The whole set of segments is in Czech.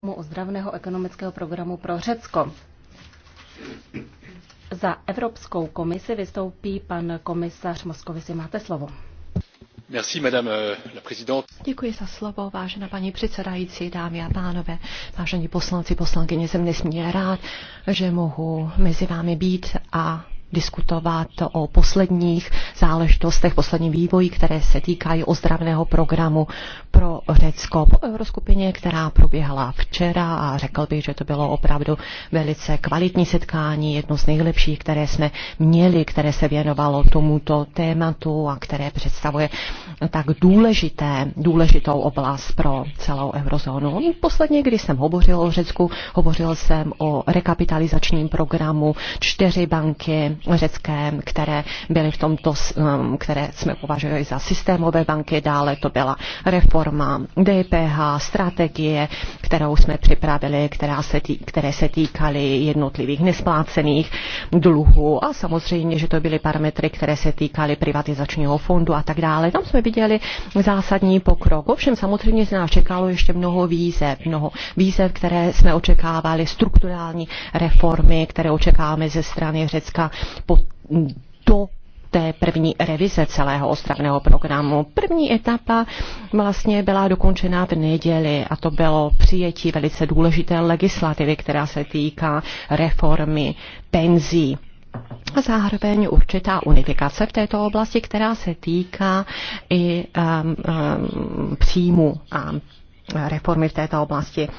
programu ozdravného ekonomického programu pro Řecko. Za Evropskou komisi vystoupí pan komisař Moskovici. Máte slovo. Merci, madame euh, la présidente. Děkuji za slovo, vážená paní předsedající, dámy a pánové, vážení poslanci, poslankyně, jsem nesmírně rád, že mohu mezi vámi být a diskutovat o posledních záležitostech, posledním vývoji, které se týkají ozdravného programu pro Řecko po euroskupině, která proběhla včera a řekl bych, že to bylo opravdu velice kvalitní setkání, jedno z nejlepších, které jsme měli, které se věnovalo tomuto tématu a které představuje tak důležité, důležitou oblast pro celou eurozónu. Posledně, když jsem hovořil o Řecku, hovořil jsem o rekapitalizačním programu, čtyři banky, řecké, které byly v tomto, um, které jsme považovali za systémové banky, dále to byla reforma DPH, strategie, kterou jsme připravili, která se tý, které se týkaly jednotlivých nesplácených dluhů a samozřejmě, že to byly parametry, které se týkaly privatizačního fondu a tak dále. Tam jsme viděli zásadní pokrok. Ovšem samozřejmě se nás čekalo ještě mnoho výzev, mnoho výzev, které jsme očekávali, strukturální reformy, které očekáváme ze strany Řecka, po, do té první revize celého ostravného programu. První etapa vlastně byla dokončena v neděli a to bylo přijetí velice důležité legislativy, která se týká reformy penzí. A zároveň určitá unifikace v této oblasti, která se týká i um, um, příjmu a reformy v této oblasti. Uh,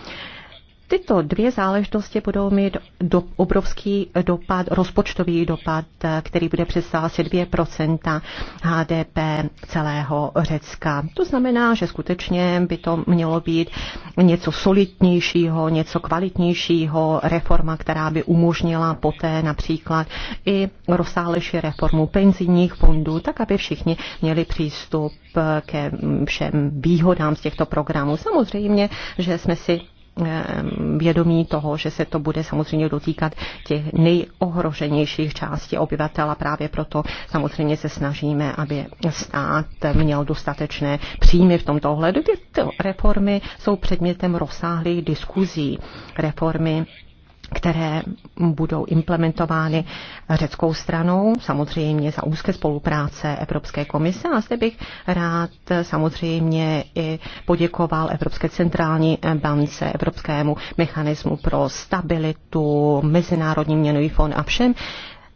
Tyto dvě záležitosti budou mít do, obrovský dopad, rozpočtový dopad, který bude představovat asi 2 HDP celého Řecka. To znamená, že skutečně by to mělo být něco solidnějšího, něco kvalitnějšího, reforma, která by umožnila poté například i rozsáhlejší reformu penzijních fondů, tak aby všichni měli přístup ke všem výhodám z těchto programů. Samozřejmě, že jsme si Eh, vědomí toho, že se to bude samozřejmě dotýkat těch nejohroženějších částí obyvatel a právě proto samozřejmě se snažíme, aby stát měl dostatečné příjmy v tomto ohledu. Ty reformy jsou předmětem rozsáhlých diskuzí. Reformy které budou implementovány řeckou stranou, samozřejmě za úzké spolupráce Evropské komise. A zde bych rád samozřejmě i poděkoval Evropské centrální bance, Evropskému mechanismu pro stabilitu, Mezinárodní měnový fond a všem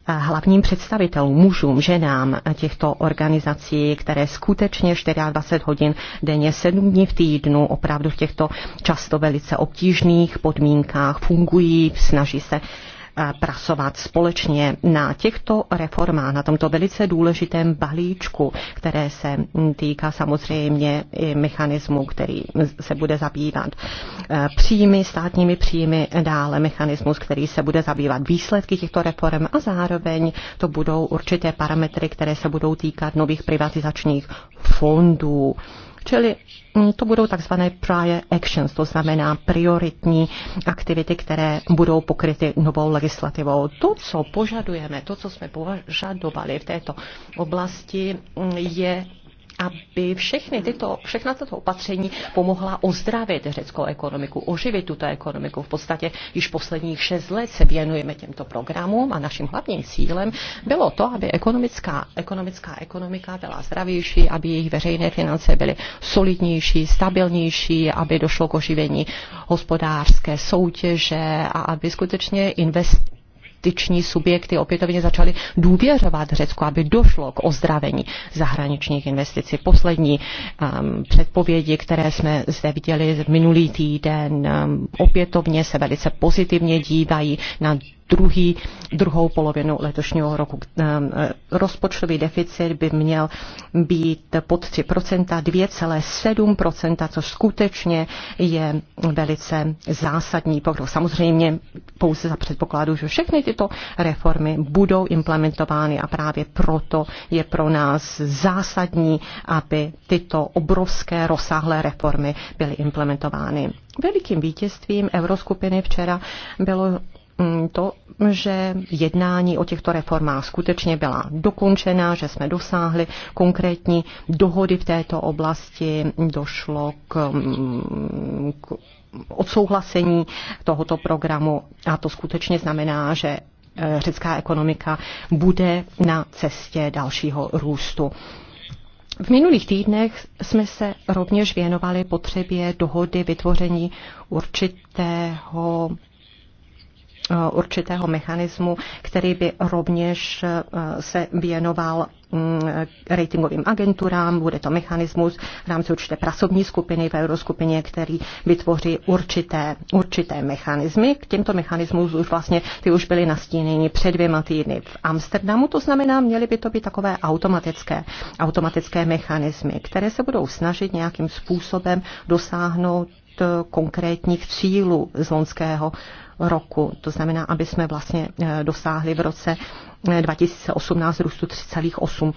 hlavním představitelům, mužům, ženám těchto organizací, které skutečně 24 hodin denně, 7 dní v týdnu, opravdu v těchto často velice obtížných podmínkách fungují, snaží se pracovat společně na těchto reformách, na tomto velice důležitém balíčku, které se týká samozřejmě i mechanismu, který se bude zabývat eh, příjmy, státními příjmy, dále mechanismus, který se bude zabývat výsledky těchto reform a zároveň to budou určité parametry, které se budou týkat nových privatizačních fondů Čili mm, to budou takzvané prior actions, to znamená prioritní aktivity, které budou pokryty novou legislativou. To, co požadujeme, to, co jsme požadovali v této oblasti, mm, je aby všechny tyto, všechna tato opatření pomohla ozdravit řeckou ekonomiku, oživit tuto ekonomiku. V podstatě již posledních šest let se věnujeme těmto programům a naším hlavním cílem bylo to, aby ekonomická, ekonomická ekonomika byla zdravější, aby jejich veřejné finance byly solidnější, stabilnější, aby došlo k oživení hospodářské soutěže a aby skutečně invest, justiční subjekty opětovně začaly důvěřovat Řecku, aby došlo k ozdravení zahraničních investic. Poslední um, předpovědi, které jsme zde viděli minulý týden, um, opětovně se velice pozitivně dívají na druhý, druhou polovinu letošního roku. Ehm, eh, rozpočtový deficit by měl být pod 3%, 2,7%, což skutečně je velice zásadní pokrok. Samozřejmě pouze za předpokladu, že všechny tyto reformy budou implementovány a právě proto je pro nás zásadní, aby tyto obrovské rozsáhlé reformy byly implementovány. Velikým vítězstvím euroskupiny včera bylo Mm, to, že jednání o těchto reformách skutečně byla dokončena, že jsme dosáhli konkrétní dohody v této oblasti, došlo k, mm, k odsouhlasení tohoto programu a to skutečně znamená, že e, řecká ekonomika bude na cestě dalšího růstu. V minulých týdnech jsme se rovněž věnovali potřebě dohody vytvoření určitého Eh, určitého mechanismu, který by rovněž eh, se věnoval mm, ratingovým agenturám, bude to mechanismus v rámci určité pracovní skupiny v euroskupině, který vytvoří určité, určité mechanismy. K těmto mechanismům už vlastně ty už byly nastíněny před dvěma týdny v Amsterdamu, to znamená, měly by to být takové automatické, automatické mechanismy, které se budou snažit nějakým způsobem dosáhnout eh, konkrétních cílů z loňského roku. To znamená, aby jsme vlastně eh, dosáhli v roce 2018 eh, růstu 3,8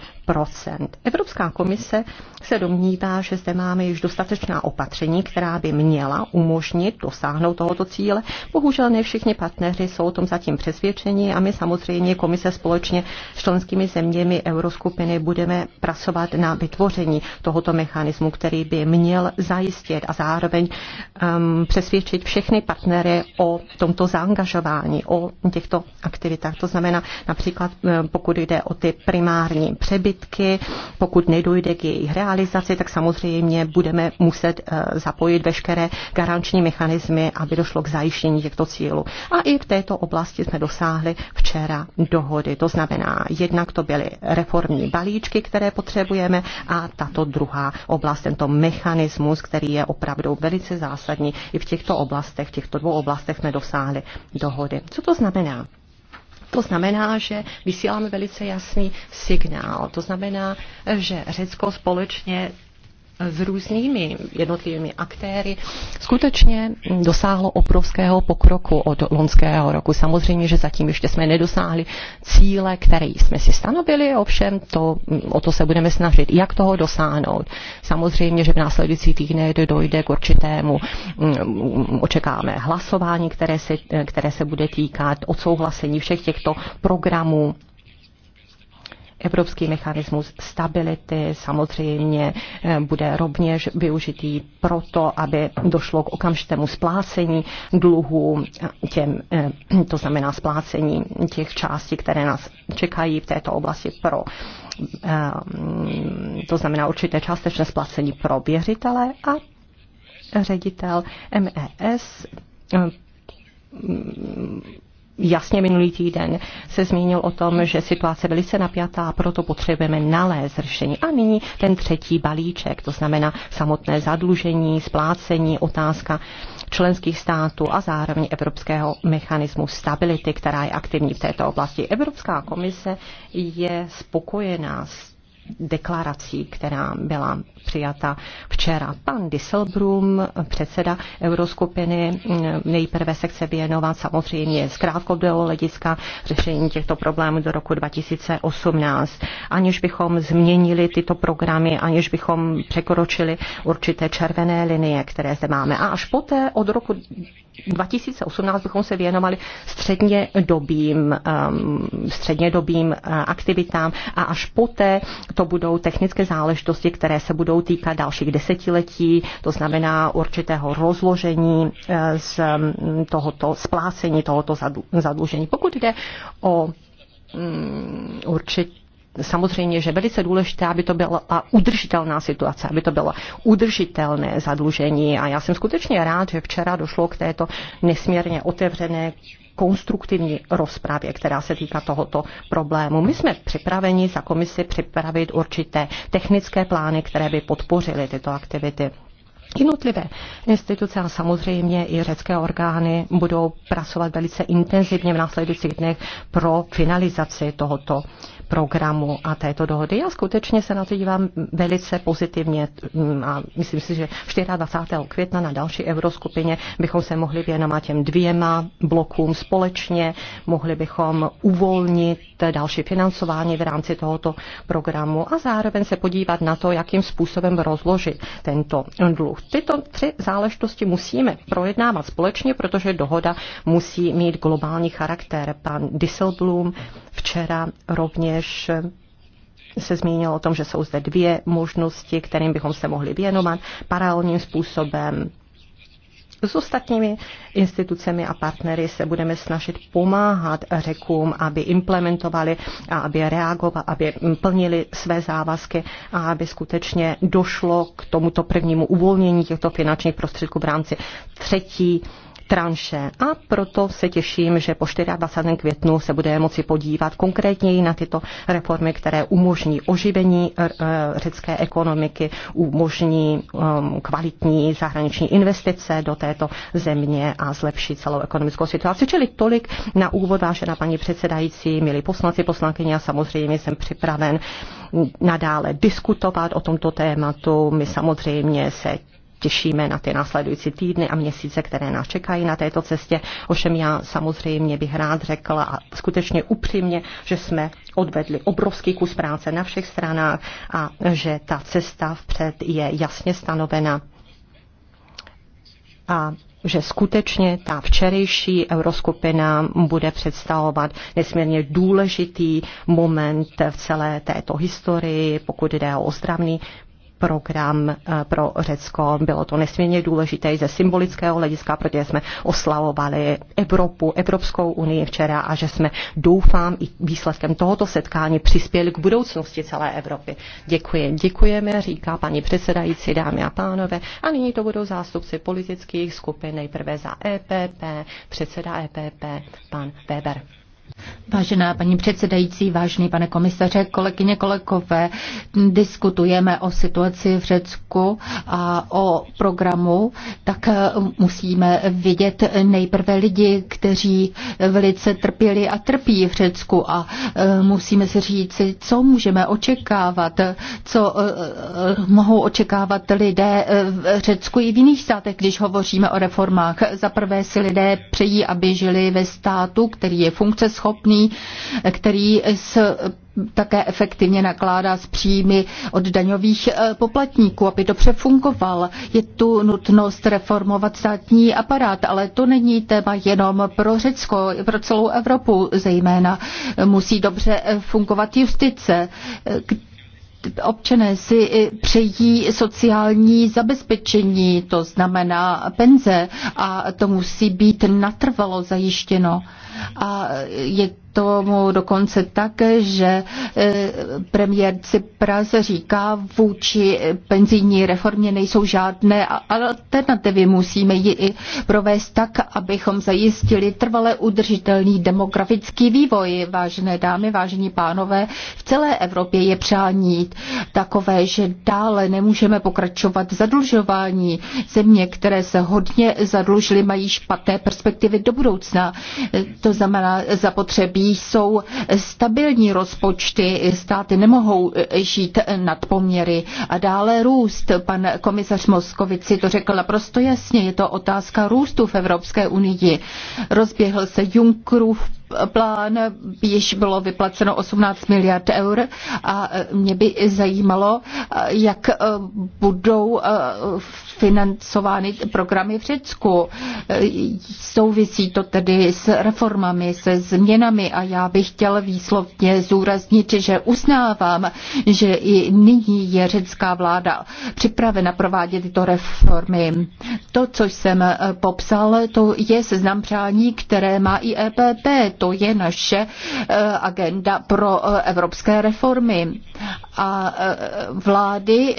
Evropská komise se domnívá, že zde máme již dostatečná opatření, která by měla umožnit dosáhnout tohoto cíle. Bohužel ne všichni partneři jsou o tom zatím přesvědčeni a my samozřejmě komise společně s členskými zeměmi euroskupiny budeme pracovat na vytvoření tohoto mechanismu, který by měl zajistit a zároveň um, přesvědčit všechny partnery o tomto zaangažování, o těchto aktivitách. To znamená například například eh, pokud jde o ty primární přebytky, pokud nedojde k jejich realizaci, tak samozřejmě budeme muset eh, zapojit veškeré garanční mechanismy, aby došlo k zajištění těchto cílů. A i v této oblasti jsme dosáhli včera dohody. To znamená, jednak to byly reformní balíčky, které potřebujeme, a tato druhá oblast, tento mechanismus, který je opravdu velice zásadní. I v těchto oblastech, v těchto dvou oblastech jsme dosáhli dohody. Co to znamená? To znamená, že vysíláme velice jasný signál. To znamená, že Řecko společně s různými jednotlivými aktéry skutečně dosáhlo obrovského pokroku od loňského roku. Samozřejmě, že zatím ještě jsme nedosáhli cíle, které jsme si stanovili, ovšem to, o to se budeme snažit. Jak toho dosáhnout? Samozřejmě, že v následující týdne dojde k určitému, mm, očekáváme hlasování, které se, které se bude týkat odsouhlasení všech těchto programů Evropský mechanismus stability samozřejmě eh, bude rovněž využitý proto, aby došlo k okamžitému splácení dluhu, těm, eh, to znamená splácení těch částí, které nás čekají v této oblasti pro eh, to znamená určité částečné splacení pro věřitele a ředitel MES jasně minulý týden se zmínil o tom, že situace je velice napjatá a proto potřebujeme nalézt řešení. A nyní ten třetí balíček, to znamená samotné zadlužení, splácení, otázka členských států a zároveň evropského mechanismu stability, která je aktivní v této oblasti. Evropská komise je spokojená s deklarací, která byla přijata včera. Pan Disselbrum, předseda Euroskupiny, nejprve se chce věnovat samozřejmě z krátkodobého hlediska řešení těchto problémů do roku 2018. Aniž bychom změnili tyto programy, aniž bychom překročili určité červené linie, které zde máme. A až poté od roku 2018 bychom se věnovali středně dobým, um, středně dobým uh, aktivitám a až poté to budou technické záležitosti, které se budou týkat dalších desetiletí, to znamená určitého rozložení uh, z um, tohoto splácení tohoto zadlužení. Pokud jde o um, určitě samozřejmě, že velice důležité, aby to byla udržitelná situace, aby to bylo udržitelné zadlužení. A já jsem skutečně rád, že včera došlo k této nesmírně otevřené konstruktivní rozpravě, která se týká tohoto problému. My jsme připraveni za komisi připravit určité technické plány, které by podpořily tyto aktivity. Jednotlivé instituce a samozřejmě i řecké orgány budou pracovat velice intenzivně v následujících dnech pro finalizaci tohoto uh, programu a této dohody. Já skutečně se na to dívám velice pozitivně mm, a myslím si, že 24. května na další euroskupině bychom se mohli věnovat těm dvěma blokům společně, mohli bychom uvolnit další financování v rámci tohoto programu a zároveň se podívat na to, jakým způsobem rozložit tento dluh. Tyto tři záležitosti musíme projednávat společně, protože dohoda musí mít globální charakter. Pan Disselblum včera rovně rovněž se zmínil o tom, že jsou zde dvě možnosti, kterým bychom se mohli věnovat paralelním způsobem. S ostatními institucemi a partnery se budeme snažit pomáhat řekům, aby implementovali a aby reagovali, aby plnili své závazky a aby skutečně došlo k tomuto prvnímu uvolnění těchto finančních prostředků v rámci třetí tranše. A proto se těším, že po 24. květnu se budeme moci podívat konkrétněji na tyto reformy, které umožní oživení eh, eh, řecké ekonomiky, umožní ehm, kvalitní zahraniční investice do této země a zlepší celou ekonomickou situaci. Čili tolik na úvod, vážená paní předsedající, milí poslanci, poslankyně, a samozřejmě jsem připraven nadále diskutovat o tomto tématu. My samozřejmě se těšíme na ty následující týdny a měsíce, které nás čekají na této cestě. Ovšem já samozřejmě bych rád řekla a skutečně upřímně, že jsme odvedli obrovský kus práce na všech stranách a že ta cesta vpřed je jasně stanovena. A že skutečně ta včerejší euroskupina bude představovat nesmírně důležitý moment v celé této historii, pokud jde o ozdravný program eh, pro Řecko. Bylo to nesmírně důležité i ze symbolického hlediska, protože jsme oslavovali Evropu, Evropskou unii včera a že jsme, doufám, i výsledkem tohoto setkání přispěli k budoucnosti celé Evropy. Děkuji. Děkujeme, říká paní předsedající, dámy a pánové. A nyní to budou zástupci politických skupin, nejprve za EPP, předseda EPP, pan Weber. Vážená paní předsedající, vážený pane komisaře, kolegyně, kolegové, diskutujeme o situaci v Řecku a o programu, tak eh, musíme vidět nejprve lidi, kteří velice trpěli a trpí v Řecku a eh, musíme si říct, co můžeme očekávat, co eh, mohou očekávat lidé v Řecku i v jiných státech, když hovoříme o reformách. Za prvé si lidé přejí, aby žili ve státu, který je funkce schopný, který s také efektivně nakládá s příjmy od daňových eh, poplatníků, aby to přefungoval. Je tu nutnost reformovat státní aparát, ale to není téma jenom pro Řecko, pro celou Evropu zejména. Musí dobře eh, fungovat justice, eh, občané si přejí sociální zabezpečení, to znamená penze, a to musí být natrvalo zajištěno a je tomu dokonce tak, že e, premiér Cypras říká vůči penzijní reformě nejsou žádné alternativy. Musíme ji i provést tak, abychom zajistili trvale udržitelný demografický vývoj. Vážené dámy, vážení pánové, v celé Evropě je přání takové, že dále nemůžeme pokračovat zadlužování. Země, které se hodně zadlužily, mají špatné perspektivy do budoucna. To e, to znamená, zapotřebí jsou stabilní rozpočty, státy nemohou e, žít nad poměry a dále růst. Pan komisař Moskovici to řekl naprosto jasně, je to otázka růstu v Evropské unii. Rozběhl se Junckerův plán, již bylo vyplaceno 18 miliard eur a e, mě by zajímalo, e, jak e, budou financovány programy v Řecku. Souvisí to tedy s reformami, se změnami a já bych chtěl výslovně zúraznit, že uznávám, že i nyní je řecká vláda připravena provádět tyto reformy. To, co jsem popsal, to je seznam přání, které má i EPP to je naše eh, agenda pro eh, evropské reformy. A eh, vlády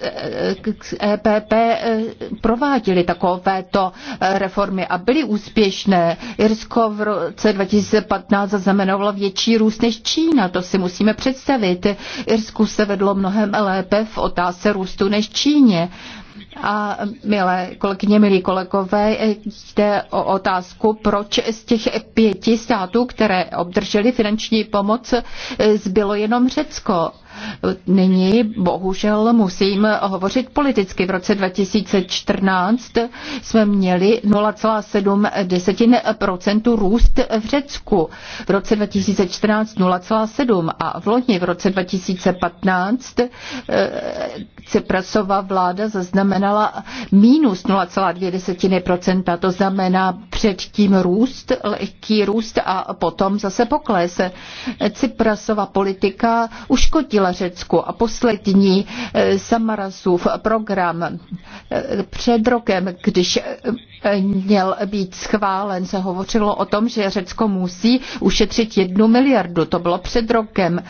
EPP eh, eh, eh, prováděly takovéto reformy a byly úspěšné. Irsko v roce 2015 zaznamenalo větší růst než Čína, to si musíme představit. Irsku se vedlo mnohem lépe v otázce růstu než Číně. A milé kolegyně, milí kolegové, jde o otázku, proč z těch pěti států, které obdržely finanční pomoc, zbylo jenom Řecko nyní bohužel musím hovořit politicky. V roce 2014 jsme měli 0,7% růst v Řecku. V roce 2014 0,7% a v loni v roce 2015 Ciprasova eh, vláda zaznamenala minus 0,2%. To znamená předtím růst, lehký růst a potom zase pokles. Ciprasova politika uškodila ublížila Řecko A poslední eh, Samarasův program eh, před rokem, když eh, měl být schválen, se hovořilo o tom, že Řecko musí ušetřit jednu miliardu. To bylo před rokem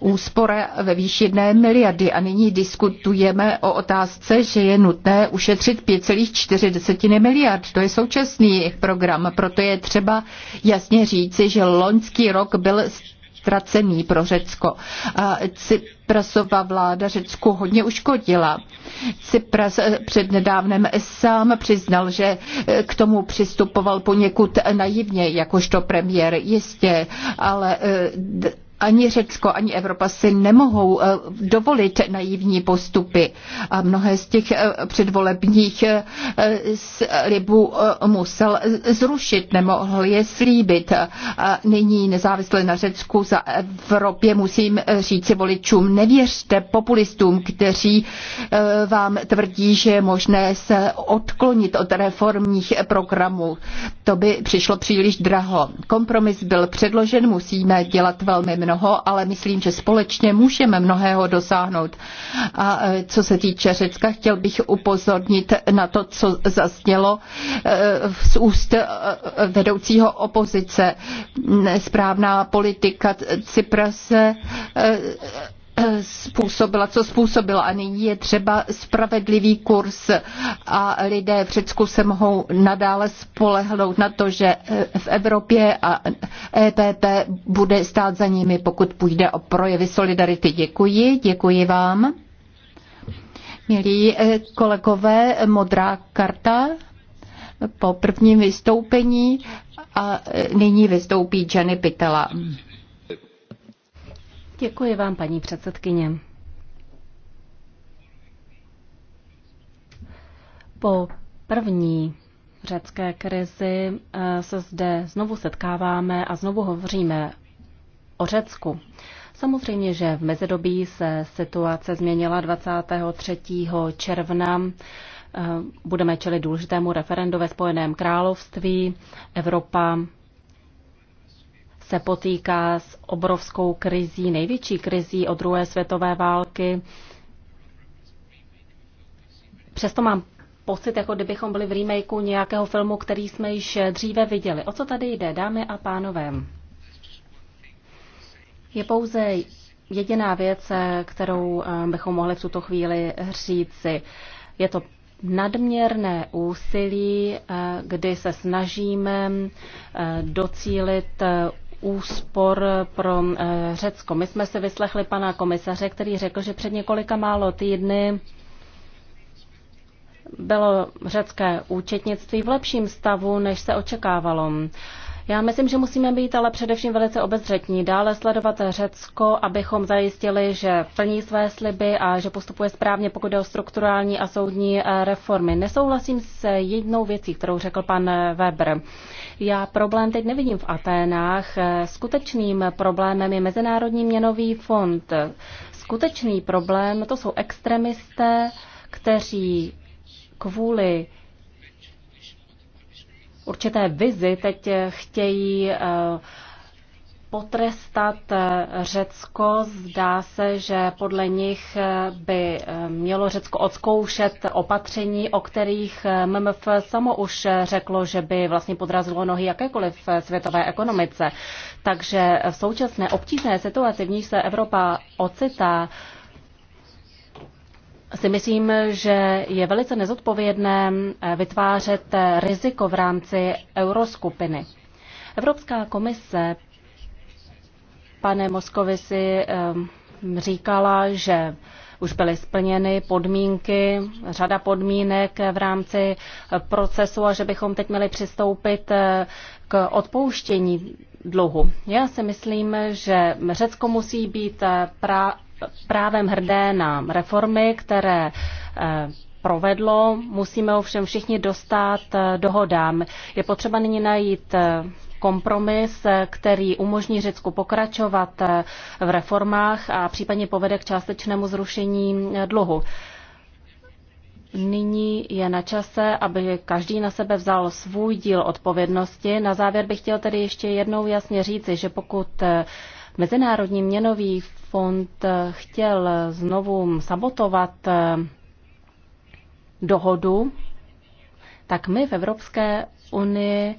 úspora ve výši jedné miliardy a nyní diskutujeme o otázce, že je nutné ušetřit 5,4 miliard. To je současný program, proto je třeba jasně říci, že loňský rok byl ztracený pro Řecko. A Cyprasova vláda Řecku hodně uškodila. Cypras eh, nedávnem sám přiznal, že eh, k tomu přistupoval poněkud naivně, jakožto premiér, jistě, ale eh, ani Řecko, ani Evropa si nemohou eh, dovolit naivní postupy. A mnohé z těch eh, předvolebních eh, slibů musel zrušit, nemohl je slíbit. A nyní nezávisle na Řecku za Evropě musím říci voličům, nevěřte populistům, kteří vám tvrdí, že je možné se odklonit od reformních programů. To by přišlo příliš draho. Kompromis byl předložen, musíme dělat velmi mnoho, ale myslím, že společně můžeme mnohého dosáhnout. A e, co se týče Řecka, chtěl bych upozornit na to, co zaznělo e, z úst e, vedoucího opozice. Správná politika Cyprase způsobila, co způsobila. A nyní je třeba spravedlivý kurz a lidé v Řecku se mohou nadále spolehnout na to, že eh, v Evropě a EPP bude stát za nimi, pokud půjde o projevy solidarity. Děkuji, děkuji vám. Milí eh, kolegové, modrá karta po prvním vystoupení a eh, nyní vystoupí Jenny Pitela. Děkuji vám, paní předsedkyně. Po první řecké krizi eh, se zde znovu setkáváme a znovu hovoříme o Řecku. Samozřejmě, že v mezidobí se situace změnila 23. června. Eh, budeme čelit důležitému referendu ve Spojeném království. Evropa se potýká s obrovskou krizí, největší krizí od druhé světové války. Přesto mám pocit, jako kdybychom byli v remakeu nějakého filmu, který jsme již dříve viděli. O co tady jde, dámy a pánové? Je pouze jediná věc, kterou eh, bychom mohli v tuto chvíli říci. Je to nadměrné úsilí, eh, kdy se snažíme eh, docílit úspor pro eh, Řecko. My jsme se vyslechli pana komisaře, který řekl, že před několika málo týdny bylo řecké účetnictví v lepším stavu, než se očekávalo. Já myslím, že musíme být ale především velice obezřetní, dále sledovat Řecko, abychom zajistili, že plní své sliby a že postupuje správně, pokud jde o strukturální a soudní eh, reformy. Nesouhlasím s jednou věcí, kterou řekl pan Weber. Já problém teď nevidím v Aténách. Eh, skutečným problémem je Mezinárodní měnový fond. Skutečný problém to jsou extremisté, kteří kvůli určité vizi teď chtějí eh, potrestat eh, Řecko. Zdá se, že podle nich eh, by mělo Řecko odzkoušet opatření, o kterých MMF samo už řeklo, že by vlastně podrazilo nohy jakékoliv světové ekonomice. Takže v současné obtížné situaci, v níž se Evropa ocitá, si myslím, že je velice nezodpovědné eh, vytvářet eh, riziko v rámci euroskupiny. Evropská komise, pane Moskovisi, eh, říkala, že už byly splněny podmínky, řada podmínek v rámci procesu a že bychom teď měli přistoupit k odpouštění dluhu. Já si myslím, že Řecko musí být pra, právem hrdé na reformy, které eh, provedlo. Musíme ovšem všichni dostat eh, dohodám. Je potřeba nyní najít eh, kompromis, který umožní Řecku pokračovat v reformách a případně povede k částečnému zrušení dluhu. Nyní je na čase, aby každý na sebe vzal svůj díl odpovědnosti. Na závěr bych chtěl tedy ještě jednou jasně říci, že pokud Mezinárodní měnový fond eh, chtěl znovu sabotovat eh, dohodu, tak my v Evropské unii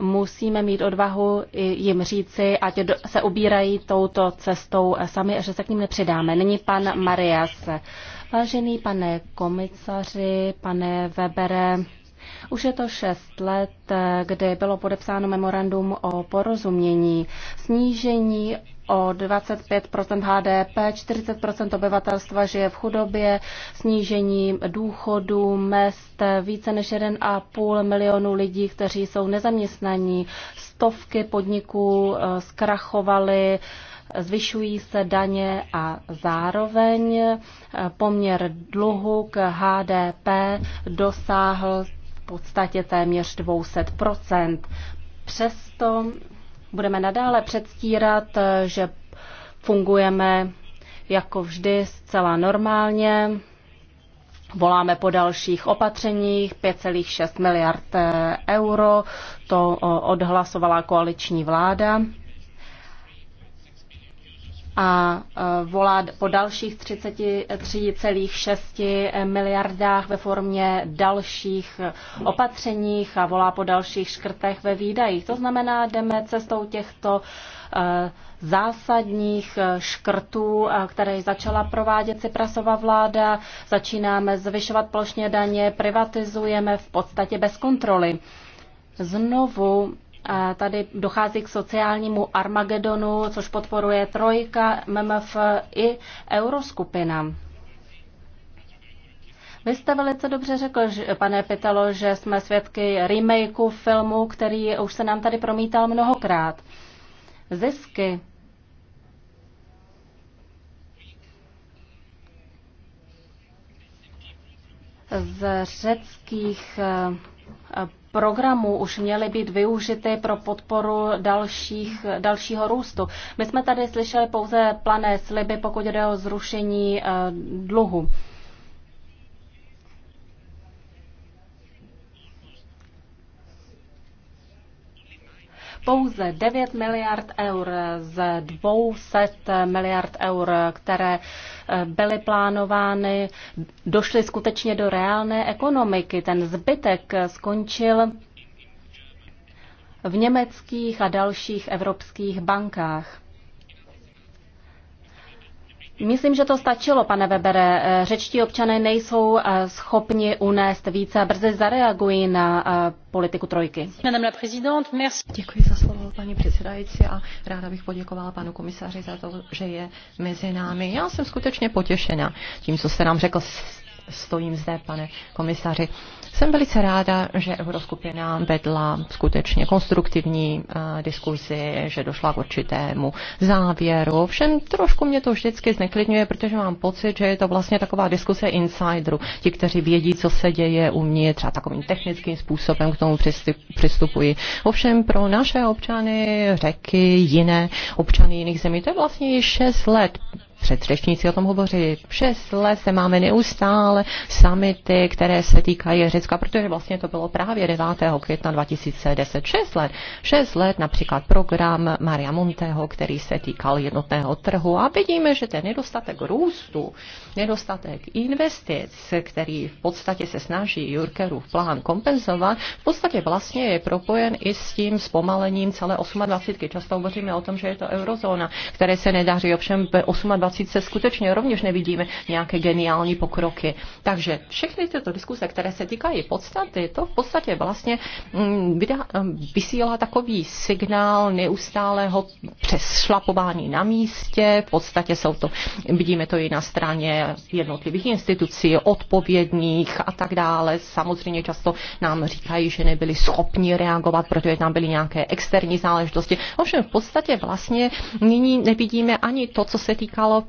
musíme mít odvahu jim říci, ať se ubírají touto cestou sami, že se k ním nepřidáme. Není pan Marias. Vážený pane komisaři, pane Webere, už je to šest let, kdy bylo podepsáno memorandum o porozumění, snížení o 25 HDP, 40 obyvatelstva žije v chudobě, snížení důchodů, mest, více než 1,5 milionu lidí, kteří jsou nezaměstnaní, stovky podniků eh, zkrachovaly, zvyšují se daně a zároveň eh, poměr dluhu k HDP dosáhl podstatě téměř 200%. Přesto budeme nadále předstírat, že fungujeme jako vždy zcela normálně. Voláme po dalších opatřeních 5,6 miliard euro, to odhlasovala koaliční vláda a e, volá po dalších 33,6 miliardách ve formě dalších e, opatřeních a volá po dalších škrtech ve výdajích. To znamená, jdeme cestou těchto e, zásadních škrtů, které začala provádět Ciprasova vláda. Začínáme zvyšovat plošně daně, privatizujeme v podstatě bez kontroly. Znovu Tady dochází k sociálnímu armagedonu, což podporuje Trojka, MMF i Euroskupina. Vy jste velice dobře řekl, že, pane Pitalo, že jsme svědky remakeu filmu, který už se nám tady promítal mnohokrát. Zisky. Z řeckých eh, programů už měly být využity pro podporu dalších, dalšího růstu. My jsme tady slyšeli pouze plané sliby, pokud jde o zrušení eh, dluhu. pouze 9 miliard eur z 200 miliard eur, které eh, byly plánovány, došly skutečně do reálné ekonomiky. Ten zbytek skončil v německých a dalších evropských bankách. Myslím, že to stačilo, pane Webere. Eh, řečtí občané nejsou eh, schopni unést více a brzy zareagují na eh, politiku trojky. Děkuji za slovo, paní předsedající, a ráda bych poděkovala panu komisaři za to, že je mezi námi. Já jsem skutečně potěšena tím, co jste nám řekl stojím zde, pane komisaři. Jsem velice ráda, že Euroskupina vedla skutečně konstruktivní eh, diskuzi, že došla k určitému závěru. Všem trošku mě to vždycky zneklidňuje, protože mám pocit, že je to vlastně taková diskuse insiderů. Ti, kteří vědí, co se děje uvnitř třeba takovým technickým způsobem k tomu přistupují. Ovšem pro naše občany, řeky, jiné občany jiných zemí, to je vlastně 6 let předřečníci o tom hovoří. Šest let se máme neustále samity, které se týkají Řecka, protože vlastně to bylo právě 9. května 2010. Šest let. Šest let například program Maria Monteho, který se týkal jednotného trhu a vidíme, že ten nedostatek růstu nedostatek investic, který v podstatě se snaží Jurkerův plán kompenzovat, v podstatě vlastně je propojen i s tím zpomalením celé 28. Často hovoříme o tom, že je to eurozóna, které se nedaří, ovšem ve 28. se skutečně rovněž nevidíme nějaké geniální pokroky. Takže všechny tyto diskuse, které se týkají podstaty, to v podstatě vlastně mm, mm, vysílá takový signál neustálého přešlapování na místě, v podstatě jsou to, vidíme to i na straně úrovně jednotlivých institucí, odpovědných a tak dále. Samozřejmě často nám říkají, že nebyli schopni reagovat, protože tam byly nějaké externí záležitosti. Ovšem v podstatě vlastně nyní nevidíme ani to, co se týkalo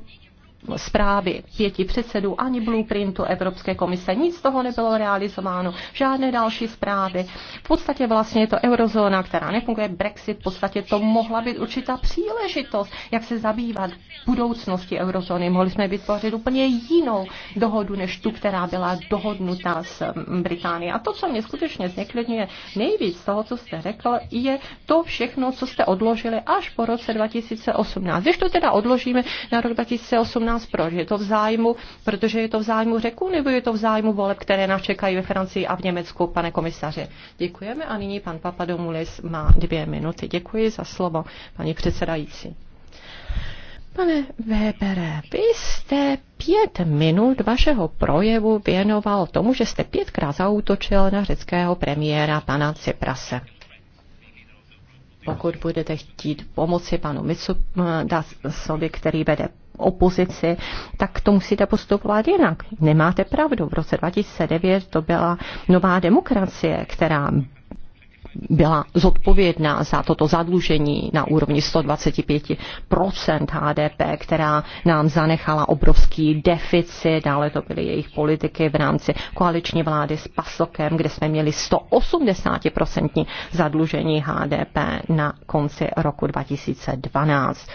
zprávy pěti předsedů, ani blueprintu Evropské komise. Nic z toho nebylo realizováno, žádné další zprávy. V podstatě vlastně je to eurozóna, která nefunguje. Brexit v podstatě to mohla být určitá příležitost, jak se zabývat budoucnosti eurozóny. Mohli jsme vytvořit úplně jinou dohodu, než tu, která byla dohodnuta s mm, Británií. A to, co mě skutečně zneklidňuje nejvíc z toho, co jste řekl, je to všechno, co jste odložili až po roce 2018. Když to teda odložíme na rok 2018, nás, proč je to v zájmu, protože je to v zájmu řeků nebo je to v zájmu voleb, které nás čekají ve Francii a v Německu, pane komisaře. Děkujeme a nyní pan Papadomulis má dvě minuty. Děkuji za slovo, paní předsedající. Pane Webere, vy jste pět minut vašeho projevu věnoval tomu, že jste pětkrát zautočil na řeckého premiéra pana Ciprase. Pokud budete chtít pomoci panu eh, sobě, který vede opozici, tak to musíte postupovat jinak. Nemáte pravdu. V roce 2009 to byla nová demokracie, která byla zodpovědná za toto zadlužení na úrovni 125% HDP, která nám zanechala obrovský deficit, dále to byly jejich politiky v rámci koaliční vlády s Pasokem, kde jsme měli 180% zadlužení HDP na konci roku 2012.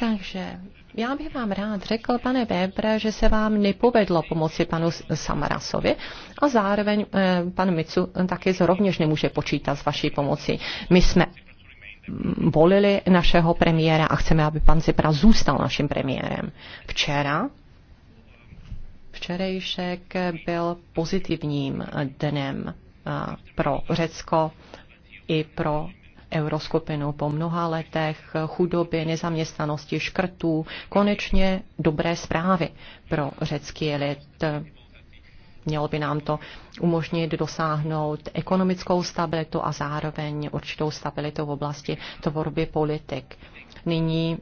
Takže já bych vám rád řekl, pane Webre, že se vám nepovedlo pomoci panu Samarasovi a zároveň eh, pan Micu taky zrovněž nemůže počítat s vaší pomocí. My jsme volili našeho premiéra a chceme, aby pan Zipra zůstal naším premiérem. Včera Včerejšek byl pozitivním dnem eh, pro Řecko i pro euroskupinu po mnoha letech chudoby, nezaměstnanosti, škrtů, konečně dobré zprávy pro řecký lid. Mělo by nám to umožnit dosáhnout ekonomickou stabilitu a zároveň určitou stabilitu v oblasti tvorby politik. Nyní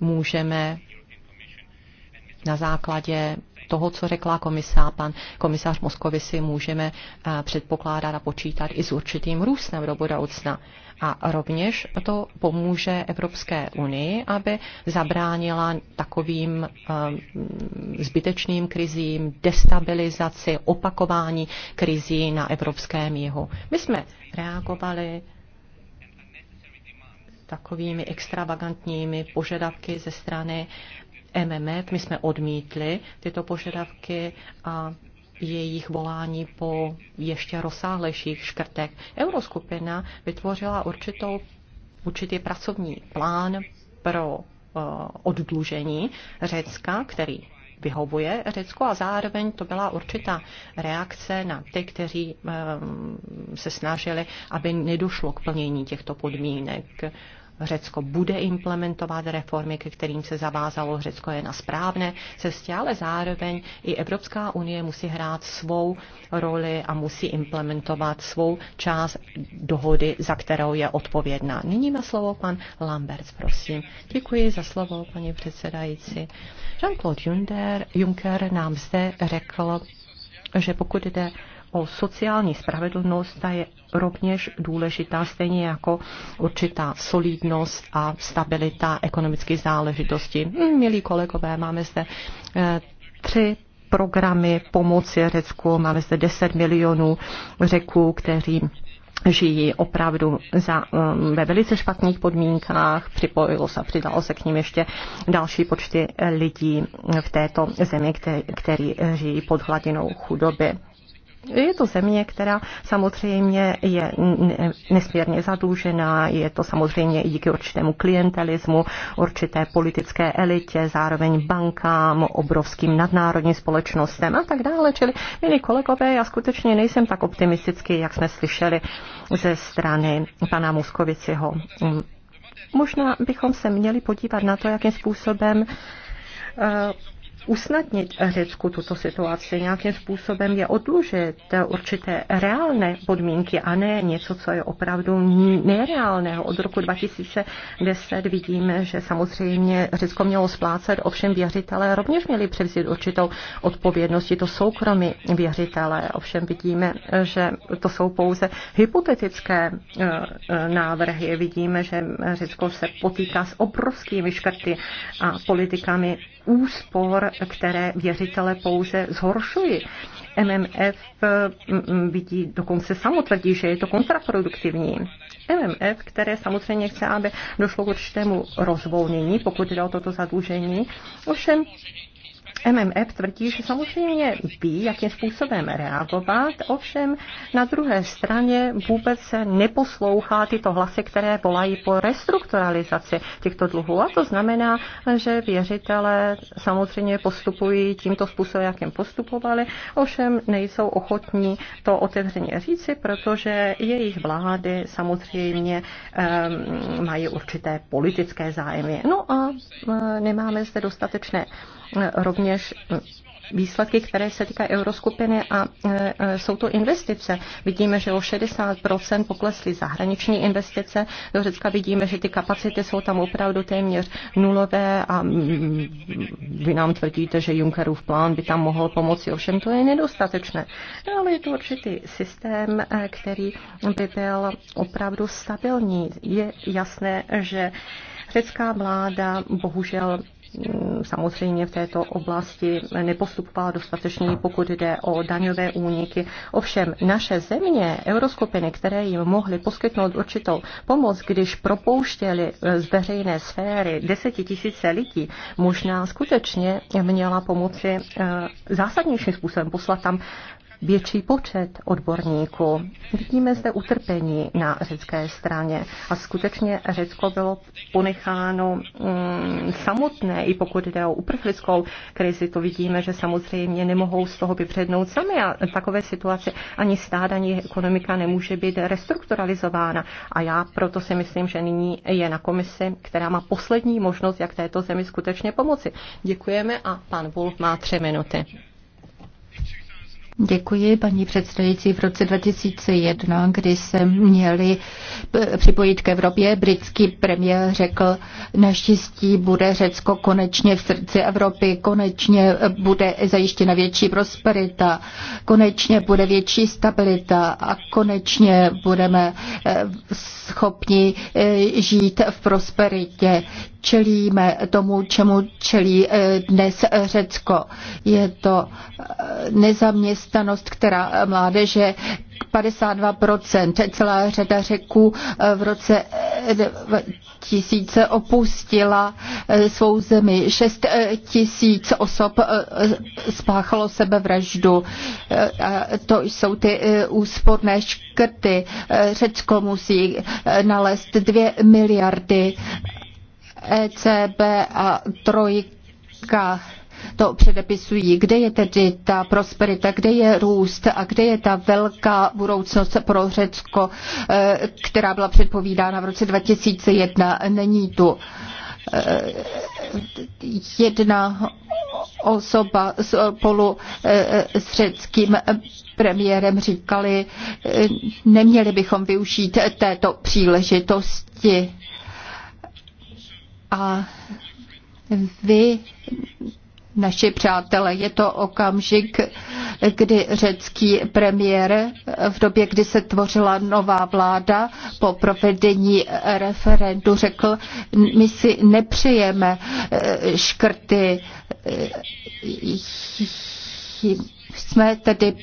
můžeme na základě toho, co řekla komisá, pan komisař Moskovi si můžeme eh, předpokládat a počítat i s určitým růstem do budoucna a rovněž to pomůže Evropské unii, aby zabránila takovým ehm, zbytečným krizím, destabilizaci, opakování krizí na evropském jihu. My jsme reagovali takovými extravagantními požadavky ze strany MMF. My jsme odmítli tyto požadavky a jejich volání po ještě rozsáhlejších škrtech. Euroskupina vytvořila určitou, určitý pracovní plán pro eh, oddlužení Řecka, který vyhovuje Řecku a zároveň to byla určitá reakce na ty, kteří eh, se snažili, aby nedošlo k plnění těchto podmínek. Řecko bude implementovat reformy, ke kterým se zavázalo. Řecko je na správné cestě, ale zároveň i Evropská unie musí hrát svou roli a musí implementovat svou část dohody, za kterou je odpovědná. Nyní má slovo pan Lamberts, prosím. Děkuji za slovo, paní předsedající. Jean-Claude Juncker nám zde řekl, že pokud jde o sociální spravedlnost, ta je rovněž důležitá, stejně jako určitá solidnost a stabilita ekonomických záležitostí. Milí kolegové, máme zde eh, tři programy pomoci Řecku. Máme zde 10 milionů Řeků, kteří žijí opravdu za, um, ve velice špatných podmínkách. Připojilo se, přidalo se k ním ještě další počty lidí v této zemi, který, který eh, žijí pod hladinou chudoby. Je to země, která samozřejmě je nesmírně zadlužená, je to samozřejmě i díky určitému klientelismu, určité politické elitě, zároveň bankám, obrovským nadnárodním společnostem a tak dále. Čili, milí kolegové, já skutečně nejsem tak optimistický, jak jsme slyšeli ze strany pana Muskoviciho. Možná bychom se měli podívat na to, jakým způsobem eh, usnadnit Řecku tuto situaci, nějakým způsobem je odlužit určité reálné podmínky a ne něco, co je opravdu nereálného. Od roku 2010 vidíme, že samozřejmě Řecko mělo splácet, ovšem věřitelé rovněž měli převzít určitou odpovědnost. to soukromí věřitelé, ovšem vidíme, že to jsou pouze hypotetické e, e, návrhy. Vidíme, že Řecko se potýká s obrovskými škrty a politikami úspor, které věřitele pouze zhoršují. MMF mm, vidí, dokonce samotvrdí, že je to kontraproduktivní. MMF, které samozřejmě chce, aby došlo k určitému rozvolnění, pokud jde o toto zadlužení, ovšem MMF tvrdí, že samozřejmě ví, jakým způsobem reagovat, ovšem na druhé straně vůbec se neposlouchá tyto hlasy, které volají po restrukturalizaci těchto dluhů. A to znamená, že věřitelé samozřejmě postupují tímto způsobem, jakým postupovali, ovšem nejsou ochotní to otevřeně říci, protože jejich vlády samozřejmě um, mají určité politické zájmy. No a um, nemáme zde dostatečné e, rovně rovněž eh, výsledky, které se týkají euroskupiny a e, e, jsou to investice. Vidíme, že o 60% poklesly zahraniční investice. Do Řecka vidíme, že ty kapacity jsou tam opravdu téměř nulové a mm, mm vy nám tvrdíte, že Junckerův plán by tam mohl pomoci. Ovšem to je nedostatečné. No, ale je to určitý systém, který by byl opravdu stabilní. Je jasné, že řecká vláda bohužel Mm, samozřejmě v této oblasti nepostupovala dostatečně, pokud jde o daňové úniky. Ovšem naše země, euroskupiny, které jim mohly poskytnout určitou pomoc, když propouštěli eh, z veřejné sféry desetitisíce lidí, možná skutečně měla pomoci eh, zásadnějším způsobem poslat tam větší počet odborníků. Vidíme zde utrpení na řecké straně a skutečně Řecko bylo ponecháno mm, samotné, i pokud jde o uprchlickou krizi, to vidíme, že samozřejmě nemohou z toho vypřednout sami a takové situace ani stát, ani ekonomika nemůže být restrukturalizována. A já proto si myslím, že nyní je na komisi, která má poslední možnost, jak této zemi skutečně pomoci. Děkujeme a pan Wolf má tři minuty. Děkuji, paní předsedající. V roce 2001, kdy se měli eh, připojit k Evropě, britský premiér řekl, naštěstí bude Řecko konečně v srdci Evropy, konečně eh, bude zajištěna větší prosperita, konečně bude větší stabilita a konečně budeme eh, schopni žít v prosperitě. Čelíme tomu, čemu čelí dnes Řecko. Je to nezaměstnání nezaměstnanost, která eh, mládeže 52%. Celá řada řeků eh, v roce 2000 eh, opustila svou zemi. 6 tisíc osob spáchalo sebevraždu. To jsou ty úsporné škrty. Řecko musí nalézt 2 miliardy ECB a trojka to předepisují. Kde je tedy ta prosperita, kde je růst a kde je ta velká budoucnost pro Řecko, eh, která byla předpovídána v roce 2001, není tu eh, jedna osoba spolu eh, s řeckým premiérem říkali, neměli bychom využít této příležitosti. A vy naši přátelé. Je to okamžik, kdy řecký premiér v době, kdy se tvořila nová vláda po provedení referendu řekl, my si nepřejeme eh, škrty. Eh, jsme tedy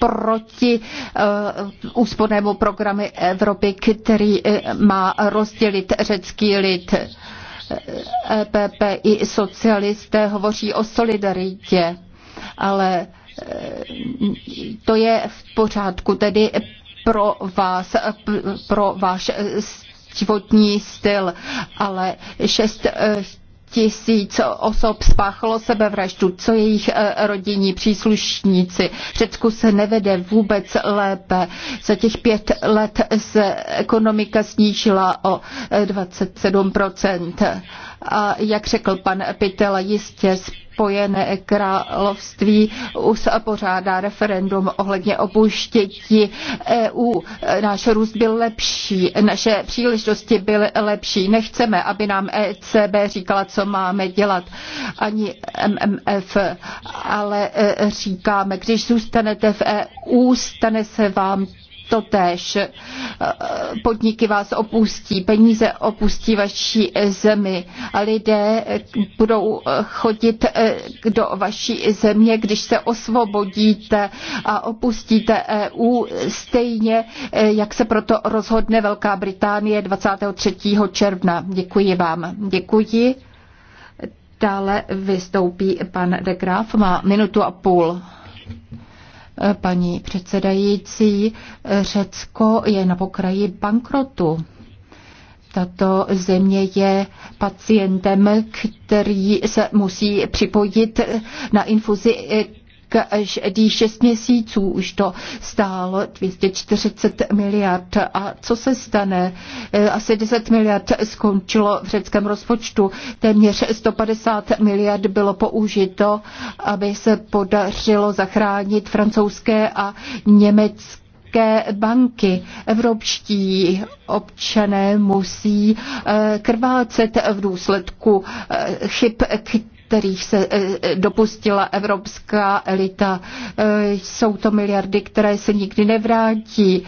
proti uh, úspornému programu Evropy, který uh, má rozdělit řecký lid. Uh, EPP i socialisté hovoří o solidaritě, ale e, to je v pořádku, tedy pro vás, pro váš životní styl, ale šest e, tisíc osob spáchalo sebevraždu, co jejich eh, rodinní příslušníci. V Řecku se nevede vůbec lépe. Za těch pět let se ekonomika snížila o 27 eh, a jak řekl pan Pitel, jistě Spojené království uspořádá referendum ohledně opuštění EU. Náš růst byl lepší, naše příležitosti byly lepší. Nechceme, aby nám ECB říkala, co máme dělat, ani MMF, ale e, říkáme, když zůstanete v EU, stane se vám totéž. Eh, podniky vás opustí, peníze opustí vaší eh, zemi lidé eh, budou chodit do vaší země, když se osvobodíte a opustíte EU stejně, jak se proto rozhodne Velká Británie 23. června. Děkuji vám. Děkuji. Dále vystoupí pan de Graaf, má minutu a půl. Paní předsedající, Řecko je na pokraji bankrotu. Tato země je pacientem, který se musí připojit na infuzi každých šest měsíců už to stálo 240 miliard. A co se stane? E, asi 10 miliard skončilo v řeckém rozpočtu. Téměř 150 miliard bylo použito, aby se podařilo zachránit francouzské a německé banky. Evropští občané musí e, krvácet v důsledku e, chyb, kterých se eh, eh, dopustila evropská elita. Eh, jsou to miliardy, které se nikdy nevrátí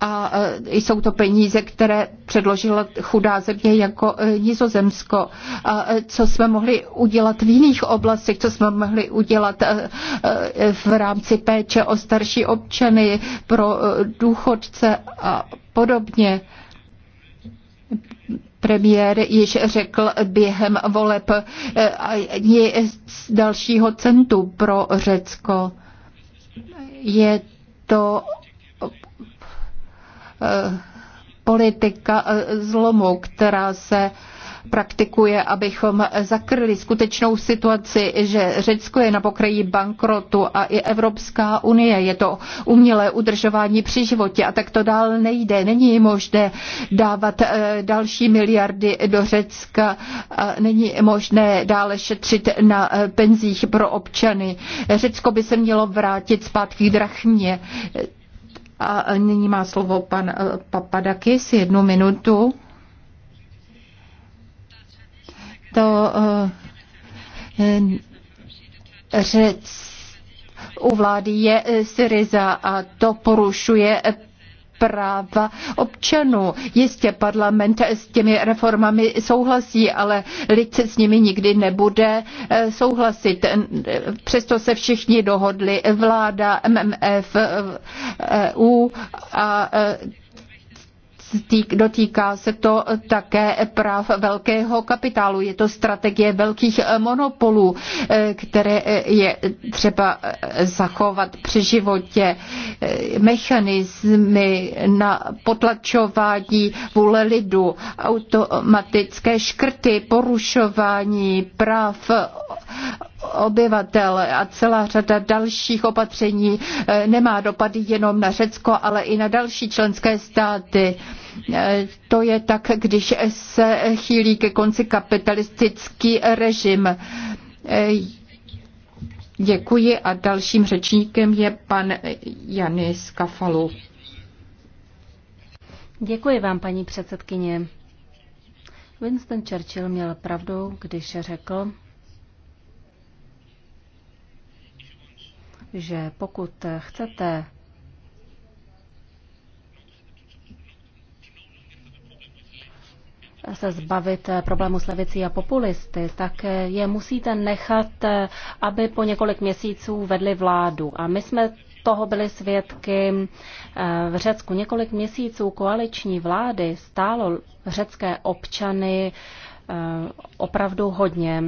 a jsou to peníze, které předložila chudá země jako Nizozemsko. A co jsme mohli udělat v jiných oblastech, co jsme mohli udělat v rámci péče o starší občany, pro důchodce a podobně premiér již řekl během voleb eh, ani dalšího centu pro Řecko. Je to eh, politika eh, zlomu, která se praktikuje, abychom zakryli skutečnou situaci, že Řecko je na pokraji bankrotu a i Evropská unie. Je to umělé udržování při životě a tak to dál nejde. Není možné dávat eh, další miliardy do Řecka. Není možné dále šetřit na eh, penzích pro občany. Řecko by se mělo vrátit zpátky k drachmě. A nyní má slovo pan eh, Papadakis, jednu minutu. to eh, řec u vlády je eh, Syriza a to porušuje eh, práva občanů. Jistě parlament s těmi reformami souhlasí, ale lid se s nimi nikdy nebude souhlasit. Přesto se všichni dohodli vláda, MMF, EU e a týk, dotýká se to také práv velkého kapitálu. Je to strategie velkých monopolů, eh, které eh, je třeba eh, zachovat při životě. Mechanismy na potlačování vůle lidu, automatické škrty, porušování práv obyvatel a celá řada dalších opatření nemá dopady jenom na Řecko, ale i na další členské státy. Eh, to je tak, když se chýlí ke konci kapitalistický režim. Eh, děkuji a dalším řečníkem je pan Janis Kafalu. Děkuji vám, paní předsedkyně. Winston Churchill měl pravdu, když řekl, že pokud chcete se zbavit eh, problému s levicí a populisty, tak eh, je musíte nechat, eh, aby po několik měsíců vedli vládu. A my jsme toho byli svědky v Řecku. Několik měsíců koaliční vlády stálo řecké občany opravdu hodně.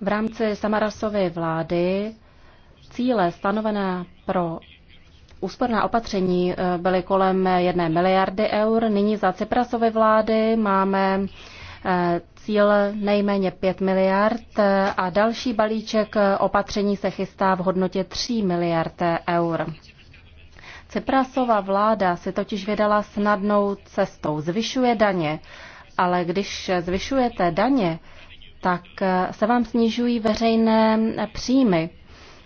V rámci Samarasovy vlády cíle stanovené pro úsporná opatření eh, byly kolem jedné miliardy eur. Nyní za Ciprasovy vlády máme eh, cíl nejméně 5 miliard eh, a další balíček opatření se chystá v hodnotě 3 miliard eur. Ciprasová vláda se totiž vydala snadnou cestou. Zvyšuje daně, ale když zvyšujete daně, tak se vám snižují veřejné příjmy.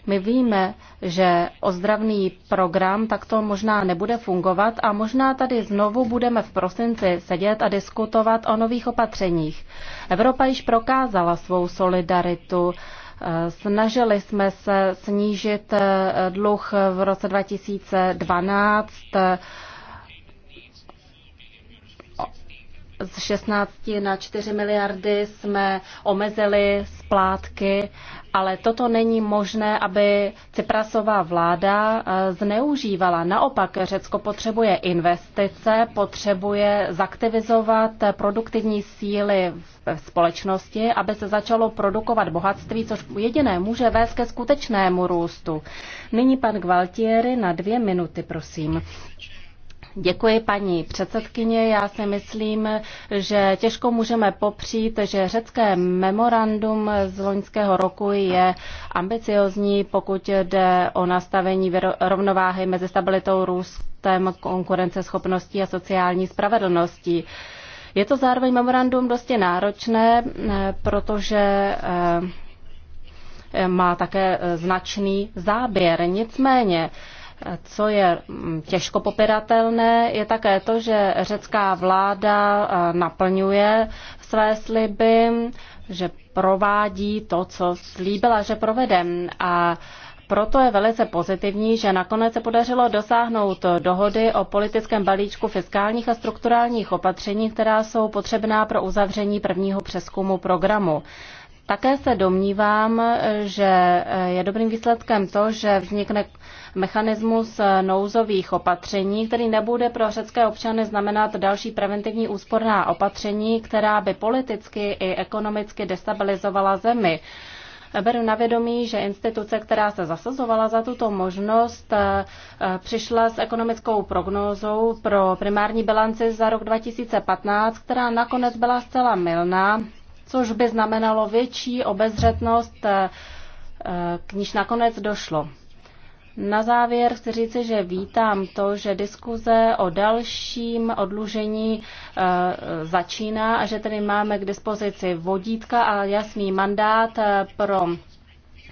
My víme, že ozdravný program takto možná nebude fungovat a možná tady znovu budeme v prosinci sedět a diskutovat o nových opatřeních. Evropa již prokázala svou solidaritu. Eh, snažili jsme se snížit eh, dluh v roce 2012 eh, z 16 na 4 miliardy jsme omezili splátky ale toto není možné, aby Ciprasová vláda eh, zneužívala. Naopak Řecko potřebuje investice, potřebuje zaktivizovat produktivní síly v společnosti, aby se začalo produkovat bohatství, což jediné může vést ke skutečnému růstu. Nyní pan Gvaltieri na dvě minuty, prosím. Děkuji paní předsedkyně. Já si myslím, že těžko můžeme popřít, že řecké memorandum z loňského roku je ambiciozní, pokud jde o nastavení rovnováhy mezi stabilitou, růstem, konkurenceschopností a sociální spravedlností. Je to zároveň memorandum dosti náročné, protože eh, má také eh, značný záběr. Nicméně, co je mm, těžko popiratelné, je také to, že řecká vláda eh, naplňuje své sliby, že provádí to, co slíbila, že provede. A proto je velice pozitivní, že nakonec se podařilo dosáhnout dohody o politickém balíčku fiskálních a strukturálních opatření, která jsou potřebná pro uzavření prvního přeskumu programu. Také se domnívám, že je dobrým výsledkem to, že vznikne mechanismus nouzových opatření, který nebude pro řecké občany znamenat další preventivní úsporná opatření, která by politicky i ekonomicky destabilizovala zemi. Beru na vědomí, že instituce, která se zasazovala za tuto možnost, přišla s ekonomickou prognózou pro primární bilanci za rok 2015, která nakonec byla zcela milná což by znamenalo větší obezřetnost, eh, eh, k níž nakonec došlo. Na závěr chci říci, že vítám to, že diskuze o dalším odlužení eh, začíná a že tedy máme k dispozici vodítka a jasný mandát pro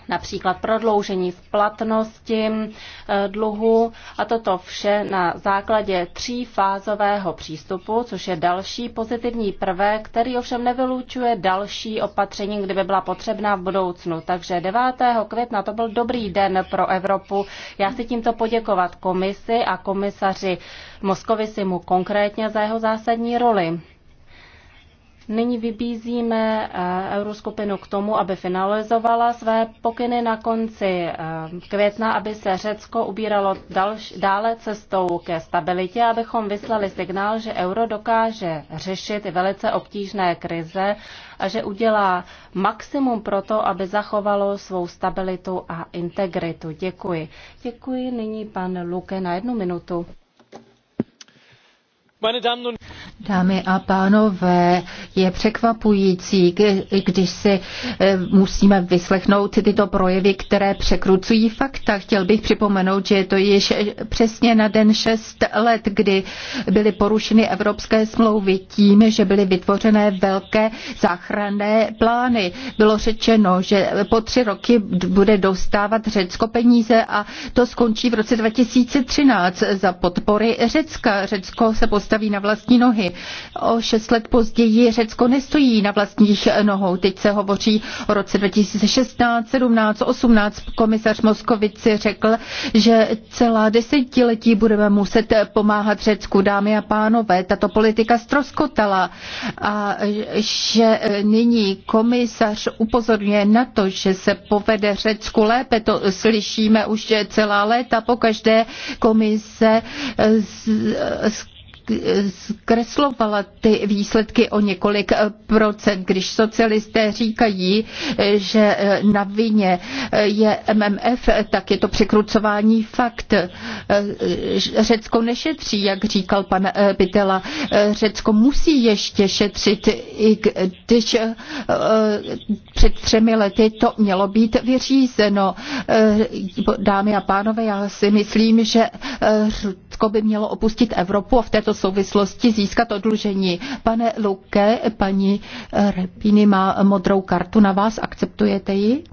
například prodloužení v platnosti eh, dluhu a toto vše na základě třífázového přístupu, což je další pozitivní prvek, který ovšem nevylučuje další opatření, kdyby byla potřebná v budoucnu. Takže 9. května to byl dobrý den pro Evropu. Já chci tímto poděkovat komisi a komisaři Moskovisimu konkrétně za jeho zásadní roli. Nyní vybízíme eh, Euroskupinu k tomu, aby finalizovala své pokyny na konci eh, května, aby se Řecko ubíralo dalš, dále cestou ke stabilitě, abychom vyslali signál, že euro dokáže řešit velice obtížné krize a že udělá maximum pro to, aby zachovalo svou stabilitu a integritu. Děkuji. Děkuji nyní pan Luke na jednu minutu. Dámy a pánové, je překvapující, když si e, musíme vyslechnout tyto projevy, které překrucují fakta. Chtěl bych připomenout, že je to již přesně na den 6 let, kdy byly porušeny evropské smlouvy tím, že byly vytvořené velké záchranné plány. Bylo řečeno, že po tři roky bude dostávat Řecko peníze a to skončí v roce 2013 za podpory Řecka. Řecko se staví na vlastní nohy. O šest let později Řecko nestojí na vlastních nohou. Teď se hovoří o roce 2016, 17, 18. Komisař Moskovici řekl, že celá desetiletí budeme muset pomáhat Řecku. Dámy a pánové, tato politika stroskotala a že nyní komisař upozorňuje na to, že se povede Řecku lépe, to slyšíme už celá léta, pokaždé komise z, z, zkreslovala ty výsledky o několik eh, procent, když socialisté říkají, eh, že eh, na vině je MMF, tak je to překrucování fakt. Řecko nešetří, jak říkal pan Pitela. Řecko musí ještě šetřit, i když před třemi lety to mělo být vyřízeno. Dámy a pánové, já si myslím, že Řecko by mělo opustit Evropu a v této souvislosti získat odlužení. Pane Luke, paní Repini? má modrou kartu na vás, akceptujete ji?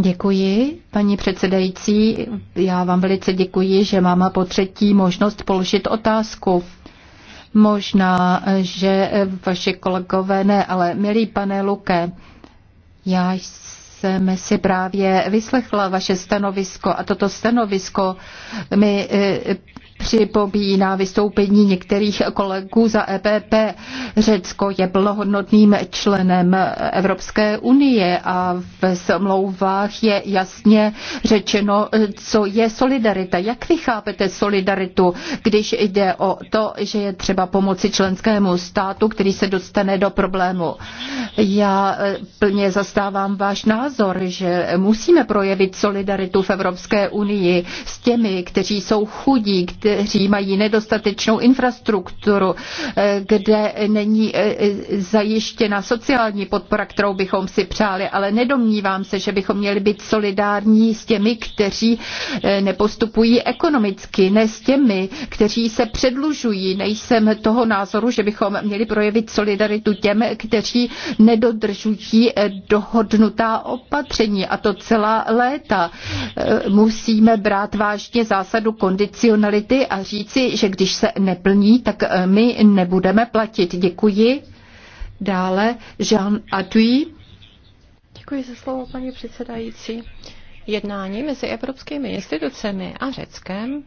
Děkuji, paní předsedající. Já vám velice děkuji, že mám po třetí možnost položit otázku. Možná, že vaše kolegové ne, ale milý pane Luke, já jsem si právě vyslechla vaše stanovisko a toto stanovisko mi eh, připomíná vystoupení některých kolegů za EPP. Řecko je plnohodnotným členem Evropské unie a v smlouvách je jasně řečeno, co je solidarita. Jak vy chápete solidaritu, když jde o to, že je třeba pomoci členskému státu, který se dostane do problému? Já eh, plně zastávám váš názor, že musíme projevit solidaritu v Evropské unii s těmi, kteří jsou chudí, kteří kteří mají nedostatečnou infrastrukturu, eh, kde není eh, eh, zajištěna sociální podpora, kterou bychom si přáli, ale nedomnívám se, že bychom měli být solidární s těmi, kteří nepostupují ekonomicky, ne s těmi, kteří se předlužují. Nejsem toho názoru, že bychom měli projevit solidaritu těm, kteří nedodržují dohodnutá opatření a to celá léta. Musíme brát vážně zásadu kondicionality standardy a říci, že když se neplní, tak eh, my nebudeme platit. Děkuji. Dále Jean Adui. Děkuji za slovo, paní předsedající. Jednání mezi evropskými institucemi a Řeckem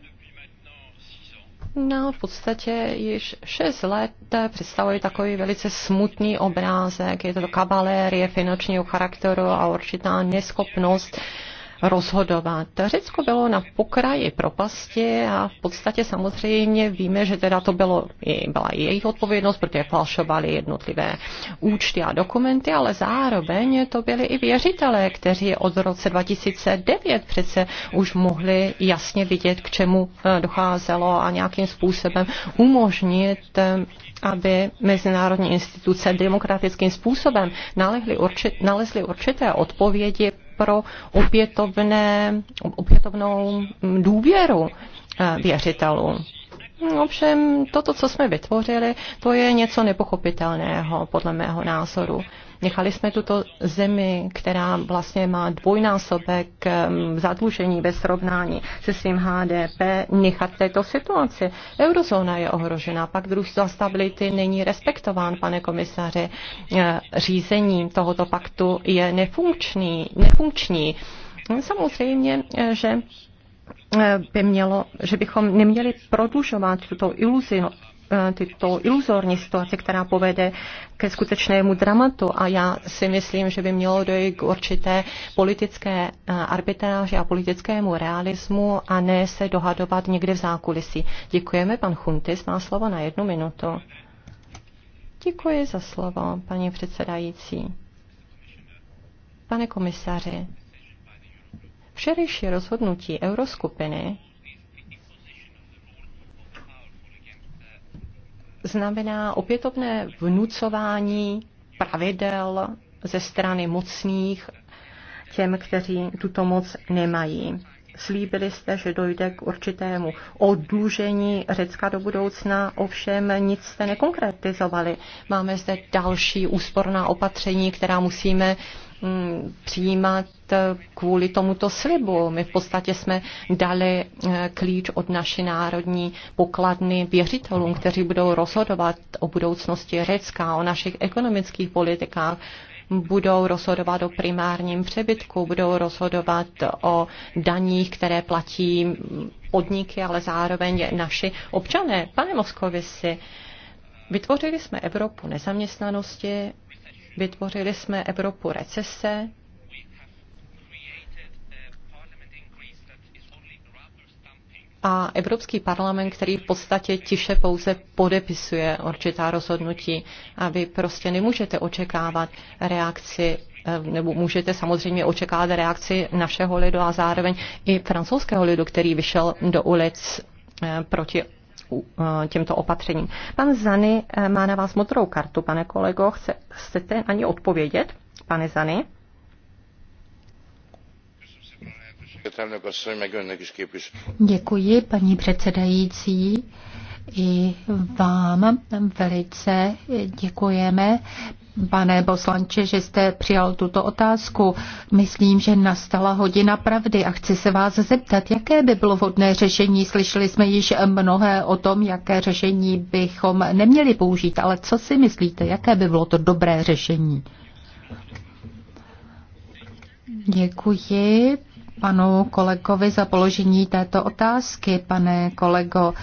No, v podstatě již šest let představuje takový velice smutný obrázek. Je to kabalérie finančního charakteru a určitá neschopnost rozhodovat. Řecko bylo na pokraji propasti a v podstatě samozřejmě víme, že teda to bylo, byla i jejich odpovědnost, protože falšovali jednotlivé účty a dokumenty, ale zároveň to byli i věřitelé, kteří od roce 2009 přece už mohli jasně vidět, k čemu eh, docházelo a nějakým způsobem umožnit eh, aby mezinárodní instituce demokratickým způsobem nalezly určité odpovědi pro opětovné, opětovnou důvěru eh, věřitelů. Ovšem, toto, co jsme vytvořili, to je něco nepochopitelného, podle mého názoru. Nechali jsme tuto zemi, která vlastně má dvojnásobek zadlužení ve srovnání se svým HDP, nechat této situaci. Eurozóna je ohrožena, pak druh za stability není respektován, pane komisaře. Řízení tohoto paktu je nefunkční. nefunkční. Samozřejmě, e, že Eh, by mělo, že bychom neměli prodlužovat tuto iluzi, eh, tyto iluzorní situace, která povede ke skutečnému dramatu. A já si myslím, že by mělo dojít k určité politické eh, arbitráži a politickému realismu a ne se dohadovat někde v zákulisí. Děkujeme, pan Chuntis má slovo na jednu minutu. Děkuji za slovo, paní předsedající. Pane komisaři, Včerejší rozhodnutí euroskupiny znamená opětovné vnucování pravidel ze strany mocných těm, kteří tuto moc nemají. Slíbili jste, že dojde k určitému odlužení Řecka do budoucna, ovšem nic jste nekonkretizovali. Máme zde další úsporná opatření, která musíme Mm, přijímat kvůli tomuto slibu. My v podstatě jsme dali eh, klíč od naší národní pokladny věřitelům, kteří budou rozhodovat o budoucnosti Řecka, o našich ekonomických politikách, budou rozhodovat o primárním přebytku, budou rozhodovat o daních, které platí podniky, ale zároveň naši občané. Pane Moskovisi, vytvořili jsme Evropu nezaměstnanosti, Vytvořili jsme Evropu recese, a Evropský parlament, který v podstatě tiše pouze podepisuje určitá rozhodnutí a vy prostě nemůžete očekávat reakci eh, nebo můžete samozřejmě očekávat reakci našeho lidu a zároveň i francouzského lidu, který vyšel do ulic eh, proti Uh, těmto opatřením. Pan Zany uh, má na vás modrou kartu, pane kolego. Chce, chcete na ní odpovědět, pane Zany? Děkuji, paní předsedající. I vám velice děkujeme, pane poslanče, že jste přijal tuto otázku. Myslím, že nastala hodina pravdy a chci se vás zeptat, jaké by bylo vhodné řešení. Slyšeli jsme již mnohé o tom, jaké řešení bychom neměli použít, ale co si myslíte, jaké by bylo to dobré řešení? Děkuji panu kolegovi za položení této otázky, pane kolego.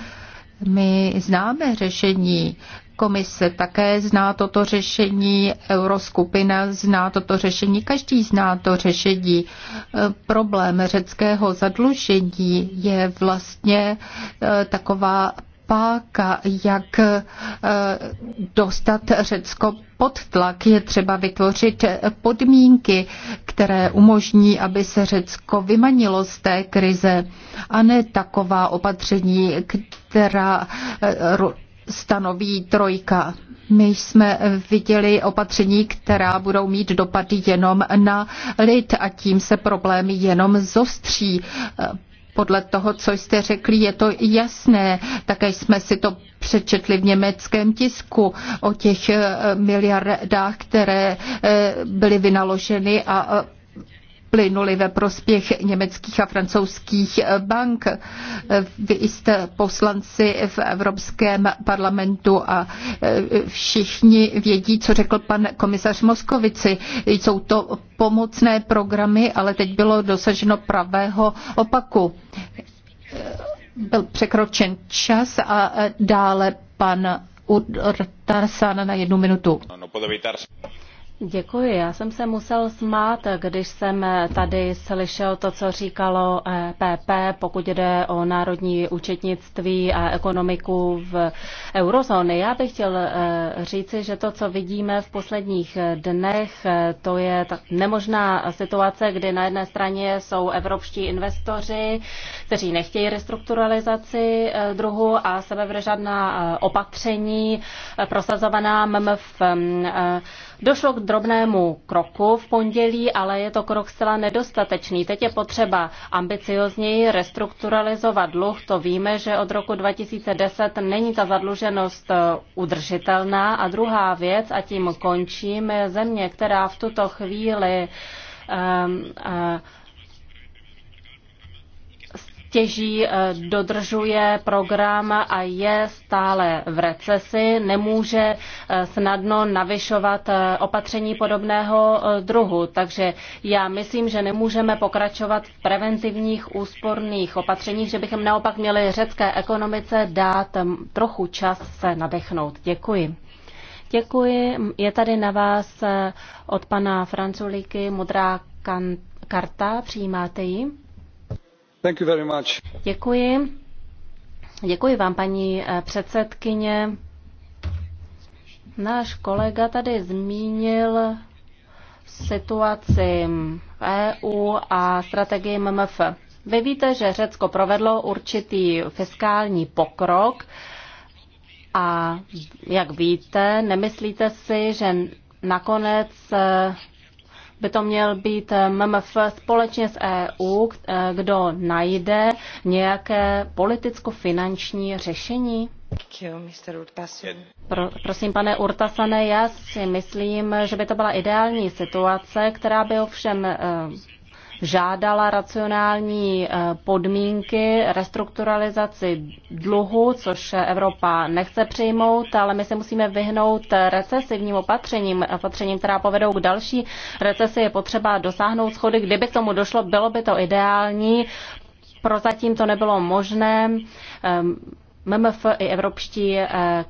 My známe řešení Komise také zná toto řešení, Euroskupina zná toto řešení, každý zná to řešení. Problém řeckého zadlužení je vlastně eh, taková páka, jak eh, dostat Řecko pod tlak. Je třeba vytvořit podmínky, které umožní, aby se Řecko vymanilo z té krize a ne taková opatření, která eh, stanoví trojka. My jsme viděli opatření, která budou mít dopady jenom na lid a tím se problémy jenom zostří. Podle toho, co jste řekli, je to jasné. Také jsme si to přečetli v německém tisku o těch miliardách, které eh, byly vynaloženy a eh, plynuly ve prospěch německých a francouzských bank. Vy jste poslanci v Evropském parlamentu a e, všichni vědí, co řekl pan komisař Moskovici. Jsou to pomocné programy, ale teď bylo dosaženo pravého opaku. Byl překročen čas a e, dále pan Urtarsan na jednu minutu. Děkuji. Já jsem se musel smát, když jsem tady slyšel to, co říkalo PP, e pokud jde o národní účetnictví a ekonomiku v eurozóně. Já bych chtěl eh, říci, že to, co vidíme v posledních dnech, eh, to je ta nemožná situace, kdy na jedné straně jsou evropští investoři, kteří nechtějí restrukturalizaci eh, druhu a sebevřežadná opatření prosazovaná MMF Došlo k drobnému kroku v pondělí, ale je to krok zcela nedostatečný. Teď je potřeba ambiciozněji restrukturalizovat dluh. To víme, že od roku 2010 není ta zadluženost eh, udržitelná. A druhá věc, a tím končím, země, která v tuto chvíli um, uh, stěží eh, dodržuje program a je stále v recesi, nemůže eh, snadno navyšovat eh, opatření podobného druhu. Takže já myslím, že nemůžeme pokračovat v preventivních úsporných opatřeních, že bychom naopak měli řecké ekonomice dát trochu čas se nadechnout. Děkuji. Děkuji. Je tady na vás od pana Franculiky modrá karta. Přijímáte ji? Děkuji. Děkuji vám, paní eh, předsedkyně. Náš kolega tady zmínil situaci v EU a strategii MMF. Vy víte, že Řecko provedlo určitý fiskální pokrok a jak víte, nemyslíte si, že nakonec eh, by to měl být eh, MMF společně s EU, eh, kdo najde nějaké politicko-finanční řešení? Pro, prosím, pane Urtasane, já si myslím, že by to byla ideální situace, která by ovšem eh, žádala racionální eh, podmínky, restrukturalizaci dluhu, což Evropa nechce přijmout, ale my se musíme vyhnout recesivním opatřením, opatřením, která povedou k další recesi. Je potřeba dosáhnout schody. Kdyby k tomu došlo, bylo by to ideální. Prozatím to nebylo možné. MMF ehm, i evropští eh, eh,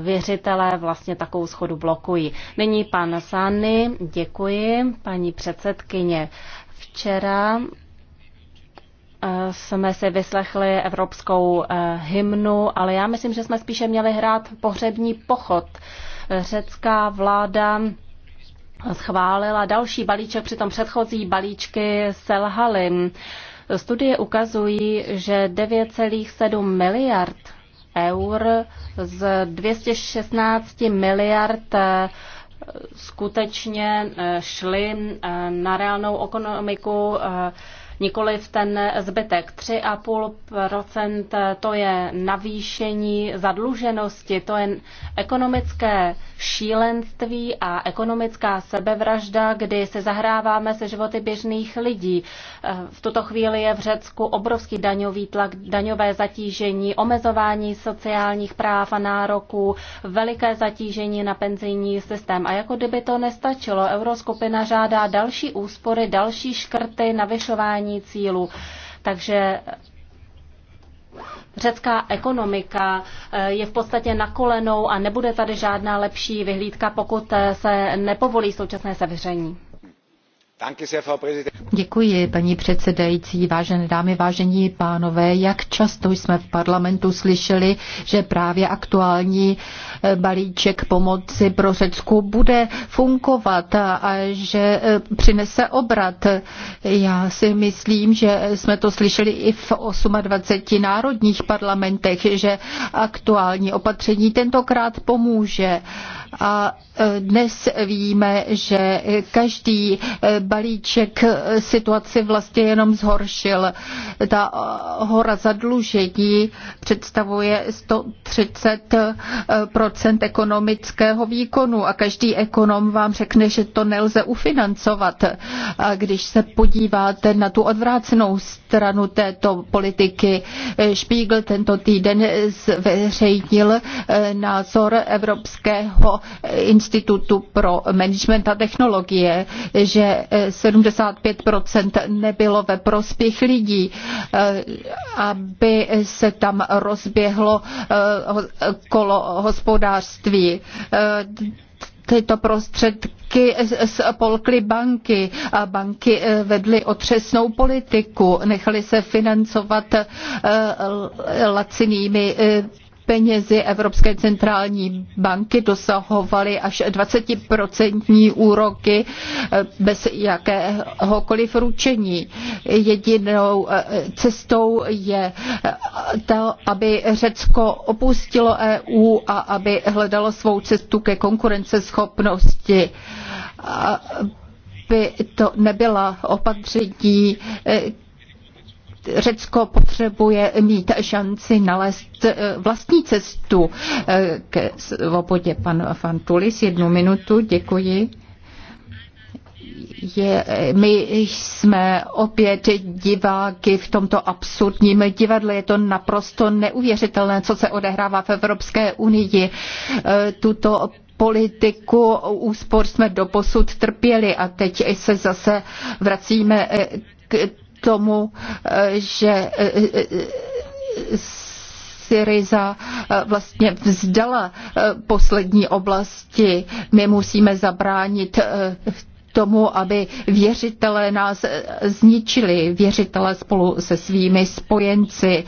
věřitelé vlastně takovou schodu blokují. Nyní pan Sany, děkuji, paní předsedkyně. Včera eh, jsme si vyslechli evropskou eh, hymnu, ale já myslím, že jsme spíše měli hrát pohřební pochod. Řecká vláda schválila další balíček, přitom předchozí balíčky selhaly. Studie ukazují, že 9,7 miliard eur z 216 miliard eh, skutečně eh, šly eh, na reálnou ekonomiku eh, nikoli v ten zbytek. 3,5% to je navýšení zadluženosti, to je ekonomické šílenství a ekonomická sebevražda, kdy se zahráváme se životy běžných lidí. V tuto chvíli je v Řecku obrovský daňový tlak, daňové zatížení, omezování sociálních práv a nároků, veliké zatížení na penzijní systém. A jako kdyby to nestačilo, euroskupina žádá další úspory, další škrty, navyšování dosažení cílu. Takže řecká ekonomika eh, je v podstatě na kolenou a nebude tady žádná lepší vyhlídka, pokud eh, se nepovolí současné sevření. Děkuji, paní předsedající, vážené dámy, vážení pánové. Jak často jsme v parlamentu slyšeli, že právě aktuální eh, balíček pomoci pro Řecku bude fungovat a že eh, přinese obrat. Já si myslím, že jsme to slyšeli i v 28 národních parlamentech, že aktuální opatření tentokrát pomůže. A e, dnes víme, že každý e, balíček e, situaci vlastně jenom zhoršil. Ta hora zadlužení představuje 130 ekonomického výkonu a každý ekonom vám řekne, že to nelze ufinancovat. A když se podíváte na tu odvrácenou stranu této politiky, Spiegel tento týden zveřejnil názor Evropského Institutu pro management a technologie, že 75% eh, nebylo ve prospěch lidí, eh, aby se tam rozběhlo eh, kolo hospodářství tyto prostředky spolkly banky a banky vedly otřesnou politiku, nechali se financovat lacinými penězi Evropské centrální banky dosahovaly až 20% úroky eh, bez jakéhokoliv ručení. Jedinou eh, cestou je eh, to, aby Řecko opustilo EU a aby hledalo svou cestu ke konkurenceschopnosti by to nebyla opatření, Řecko potřebuje mít šanci nalézt eh, vlastní cestu eh, k svobodě. Pan Fantulis, jednu minutu, děkuji je, my jsme opět diváky v tomto absurdním divadle. Je to naprosto neuvěřitelné, co se odehrává v Evropské unii. Eh, tuto politiku úspor jsme doposud trpěli a teď se zase vracíme k tomu, eh, že eh, Syriza eh, vlastně vzdala poslední oblasti. My musíme zabránit tomu, aby věřitelé nás zničili, věřitelé spolu se svými spojenci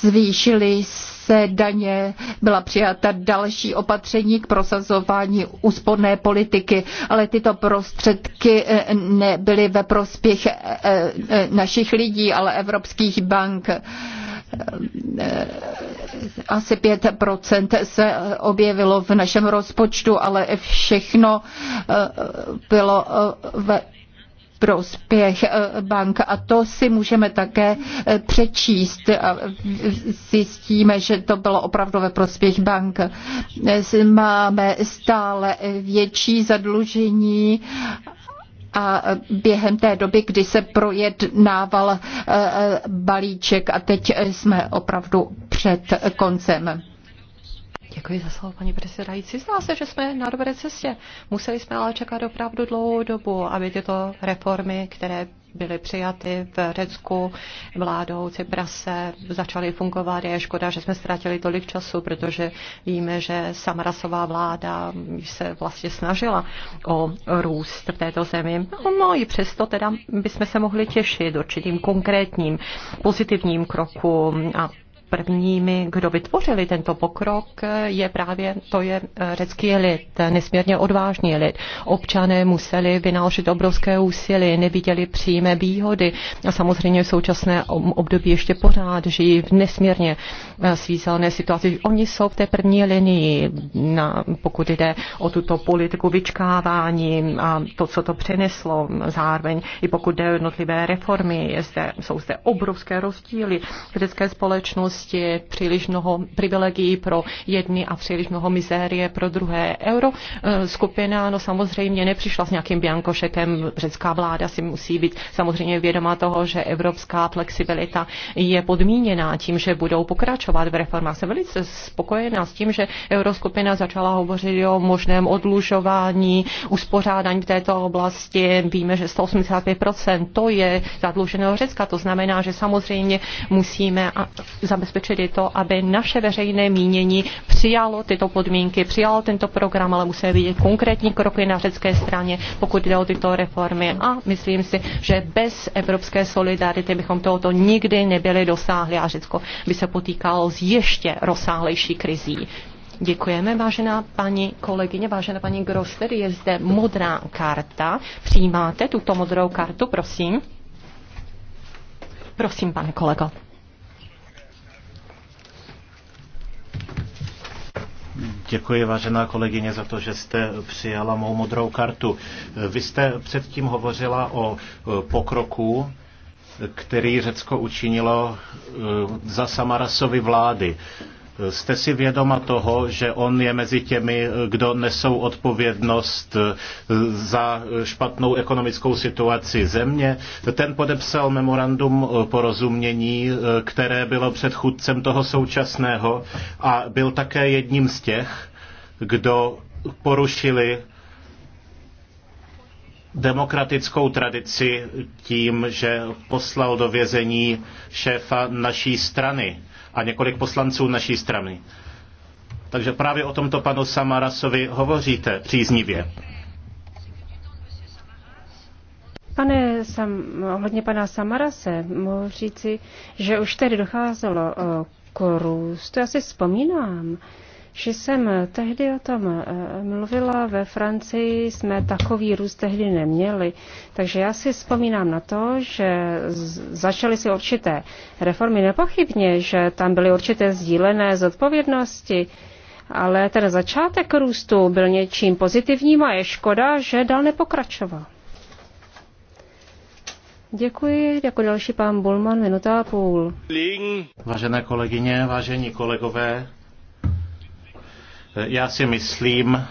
zvýšili se daně, byla přijata další opatření k prosazování úsporné politiky, ale tyto prostředky eh, nebyly ve prospěch eh, eh, našich lidí, ale evropských bank asi 5% se objevilo v našem rozpočtu, ale všechno bylo ve prospěch eh, bank. A to si můžeme také eh, přečíst. Zjistíme, že to bylo opravdu ve prospěch bank. Máme stále větší zadlužení a během té doby, kdy se projednával eh, balíček a teď jsme opravdu před koncem. Děkuji za slovo, paní předsedající. Zdá se, že jsme na dobré cestě. Museli jsme ale čekat opravdu dlouhou dobu, aby tyto reformy, které byly přijaty v Řecku vládou Ciprase, začaly fungovat. Je škoda, že jsme ztratili tolik času, protože víme, že Samarasová vláda se vlastně snažila o růst v této zemi. No, no i přesto teda bychom se mohli těšit určitým konkrétním pozitivním kroku a prvními, kdo vytvořili tento pokrok, je právě, to je eh, řecký lid, nesmírně odvážný lid. Občané museli vynaložit obrovské úsilí, neviděli přímé výhody a samozřejmě v současné období ještě pořád žijí v nesmírně eh, svízelné situaci. Oni jsou v té první linii, na, pokud jde o tuto politiku vyčkávání a to, co to přineslo zároveň, i pokud jde o jednotlivé reformy, je zde, jsou zde obrovské rozdíly v řecké společnosti prostě příliš mnoho privilegií pro jedny a příliš mnoho mizérie pro druhé. Euro skupina, no samozřejmě nepřišla s nějakým biankošekem. Řecká vláda si musí být samozřejmě vědoma toho, že evropská flexibilita je podmíněná tím, že budou pokračovat v reformách. Jsem velice spokojená s tím, že euroskupina začala hovořit o možném odlužování, uspořádání v této oblasti. Víme, že 185% to je zadluženého Řecka. To znamená, že samozřejmě musíme zabezpečit i to, aby naše veřejné mínění přijalo tyto podmínky, přijalo tento program, ale musíme vidět konkrétní kroky na řecké straně, pokud jde o tyto reformy. A myslím si, že bez evropské solidarity bychom tohoto nikdy nebyli dosáhli a Řecko by se potýkalo s ještě rozsáhlejší krizí. Děkujeme, vážená paní kolegyně, vážená paní Grosser, Je zde modrá karta. Přijímáte tuto modrou kartu, prosím? Prosím, pane kolego. Děkuji, vážená kolegyně, za to, že jste přijala mou modrou kartu. Vy jste předtím hovořila o e, pokroku, který Řecko učinilo e, za Samarasovy vlády. Jste si vědoma toho, že on je mezi těmi, kdo nesou odpovědnost eh, za špatnou ekonomickou situaci země? Ten podepsal memorandum eh, porozumění, eh, které bylo předchůdcem toho současného a byl také jedním z těch, kdo porušili demokratickou tradici tím, že poslal do vězení šéfa naší strany a několik poslanců naší strany. Takže právě o tomto panu Samarasovi hovoříte příznivě. Pane, sam, ohledně pana Samarase, mohu říci, že už tedy docházelo eh, k růstu, já si vzpomínám, že jsem tehdy o tom eh, mluvila ve Francii, jsme takový růst tehdy neměli. Takže já si vzpomínám na to, že začaly si určité reformy nepochybně, že tam byly určité sdílené zodpovědnosti, ale ten začátek růstu byl něčím pozitivním a je škoda, že dál nepokračoval. Děkuji. Jako další pán Bulman, minuta a půl. Vážené kolegyně, vážení kolegové, já si myslím,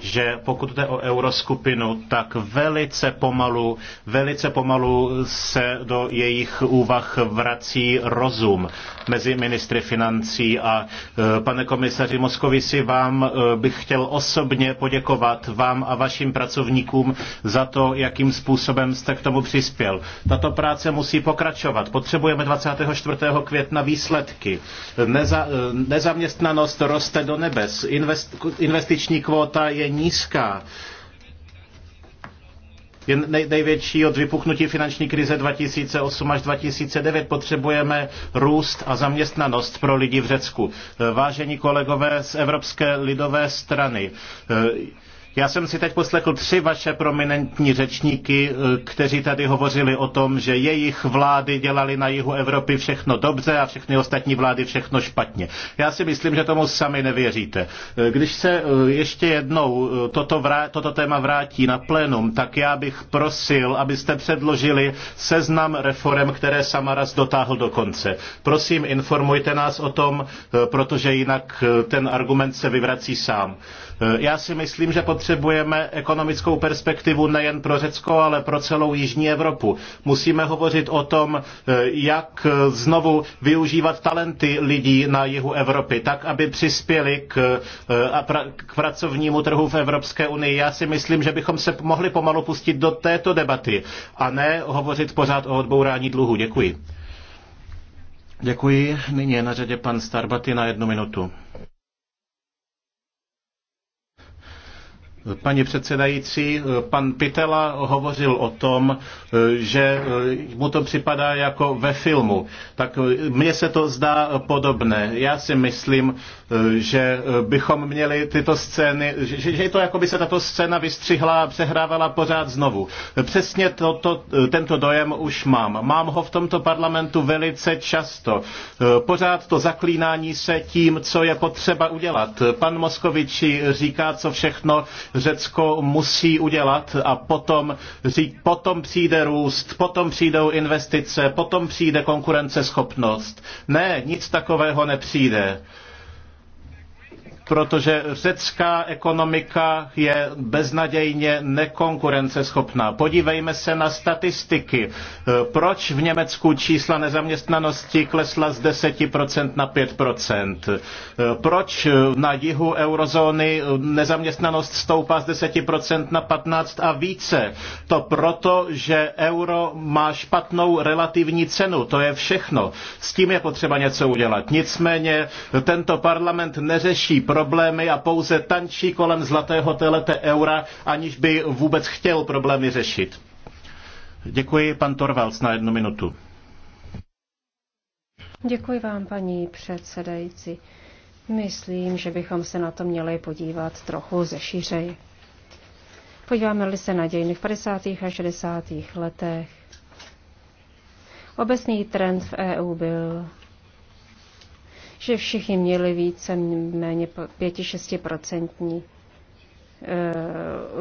že pokud jde o euroskupinu, tak velice pomalu, velice pomalu se do jejich úvah vrací rozum mezi ministry financí a e, pane komisaři Moskovici, vám e, bych chtěl osobně poděkovat vám a vašim pracovníkům za to, jakým způsobem jste k tomu přispěl. Tato práce musí pokračovat. Potřebujeme 24. května výsledky. Neza, e, nezaměstnanost roste do nebes. Invest, investiční kvóta je je nízká. Je největší od vypuknutí finanční krize 2008 až 2009. Potřebujeme růst a zaměstnanost pro lidi v Řecku. Vážení kolegové z Evropské lidové strany, já jsem si teď poslechl tři vaše prominentní řečníky, eh, kteří tady hovořili o tom, že jejich vlády dělali na jihu Evropy všechno dobře a všechny ostatní vlády všechno špatně. Já si myslím, že tomu sami nevěříte. Eh, Když se eh, ještě jednou toto, vrá, toto téma vrátí na plénum, tak já bych prosil, abyste předložili seznam reform, které Samaras dotáhl do konce. Prosím, informujte nás o tom, protože jinak ten argument se vyvrací sám. Eh, já si myslím, že potřebujeme ekonomickou perspektivu nejen pro Řecko, ale pro celou Jižní Evropu. Musíme hovořit o tom, eh, jak eh, znovu využívat talenty lidí na jihu Evropy, tak, aby přispěli k, k pracovnímu trhu v Evropské unii. Já si myslím, že bychom se mohli pomalu pustit do této debaty a ne hovořit pořád o odbourání dluhu. Děkuji. Děkuji. Nyní je na řadě pan Starbaty na jednu minutu. Paní předsedající, pan Pitela hovořil o tom, že mu to připadá jako ve filmu. Tak mně se to zdá podobné. Já si myslím, že bychom měli tyto scény, že, že je to jako by se tato scéna vystřihla a přehrávala pořád znovu. Přesně to, to, tento dojem už mám. Mám ho v tomto parlamentu velice často. Pořád to zaklínání se tím, co je potřeba udělat. Pan Moskoviči říká, co všechno Řecko musí udělat a potom, potom přijde růst, potom přijdou investice, potom přijde konkurenceschopnost. Ne, nic takového nepřijde protože řecká ekonomika je beznadějně nekonkurenceschopná. Podívejme se na statistiky. Proč v Německu čísla nezaměstnanosti klesla z 10% na 5%? Proč na jihu eurozóny nezaměstnanost stoupá z 10% na 15% a více? To proto, že euro má špatnou relativní cenu. To je všechno. S tím je potřeba něco udělat. Nicméně tento parlament neřeší problémy a pouze tančí kolem zlatého telete eura, aniž by vůbec chtěl problémy řešit. Děkuji, pan Torvalds, na jednu minutu. Děkuji vám, paní předsedající. Myslím, že bychom se na to měli podívat trochu ze šířej. Podíváme-li se na dějiny v 50. a 60. letech. Obecný trend v EU byl že všichni měli více méně 5-6% e,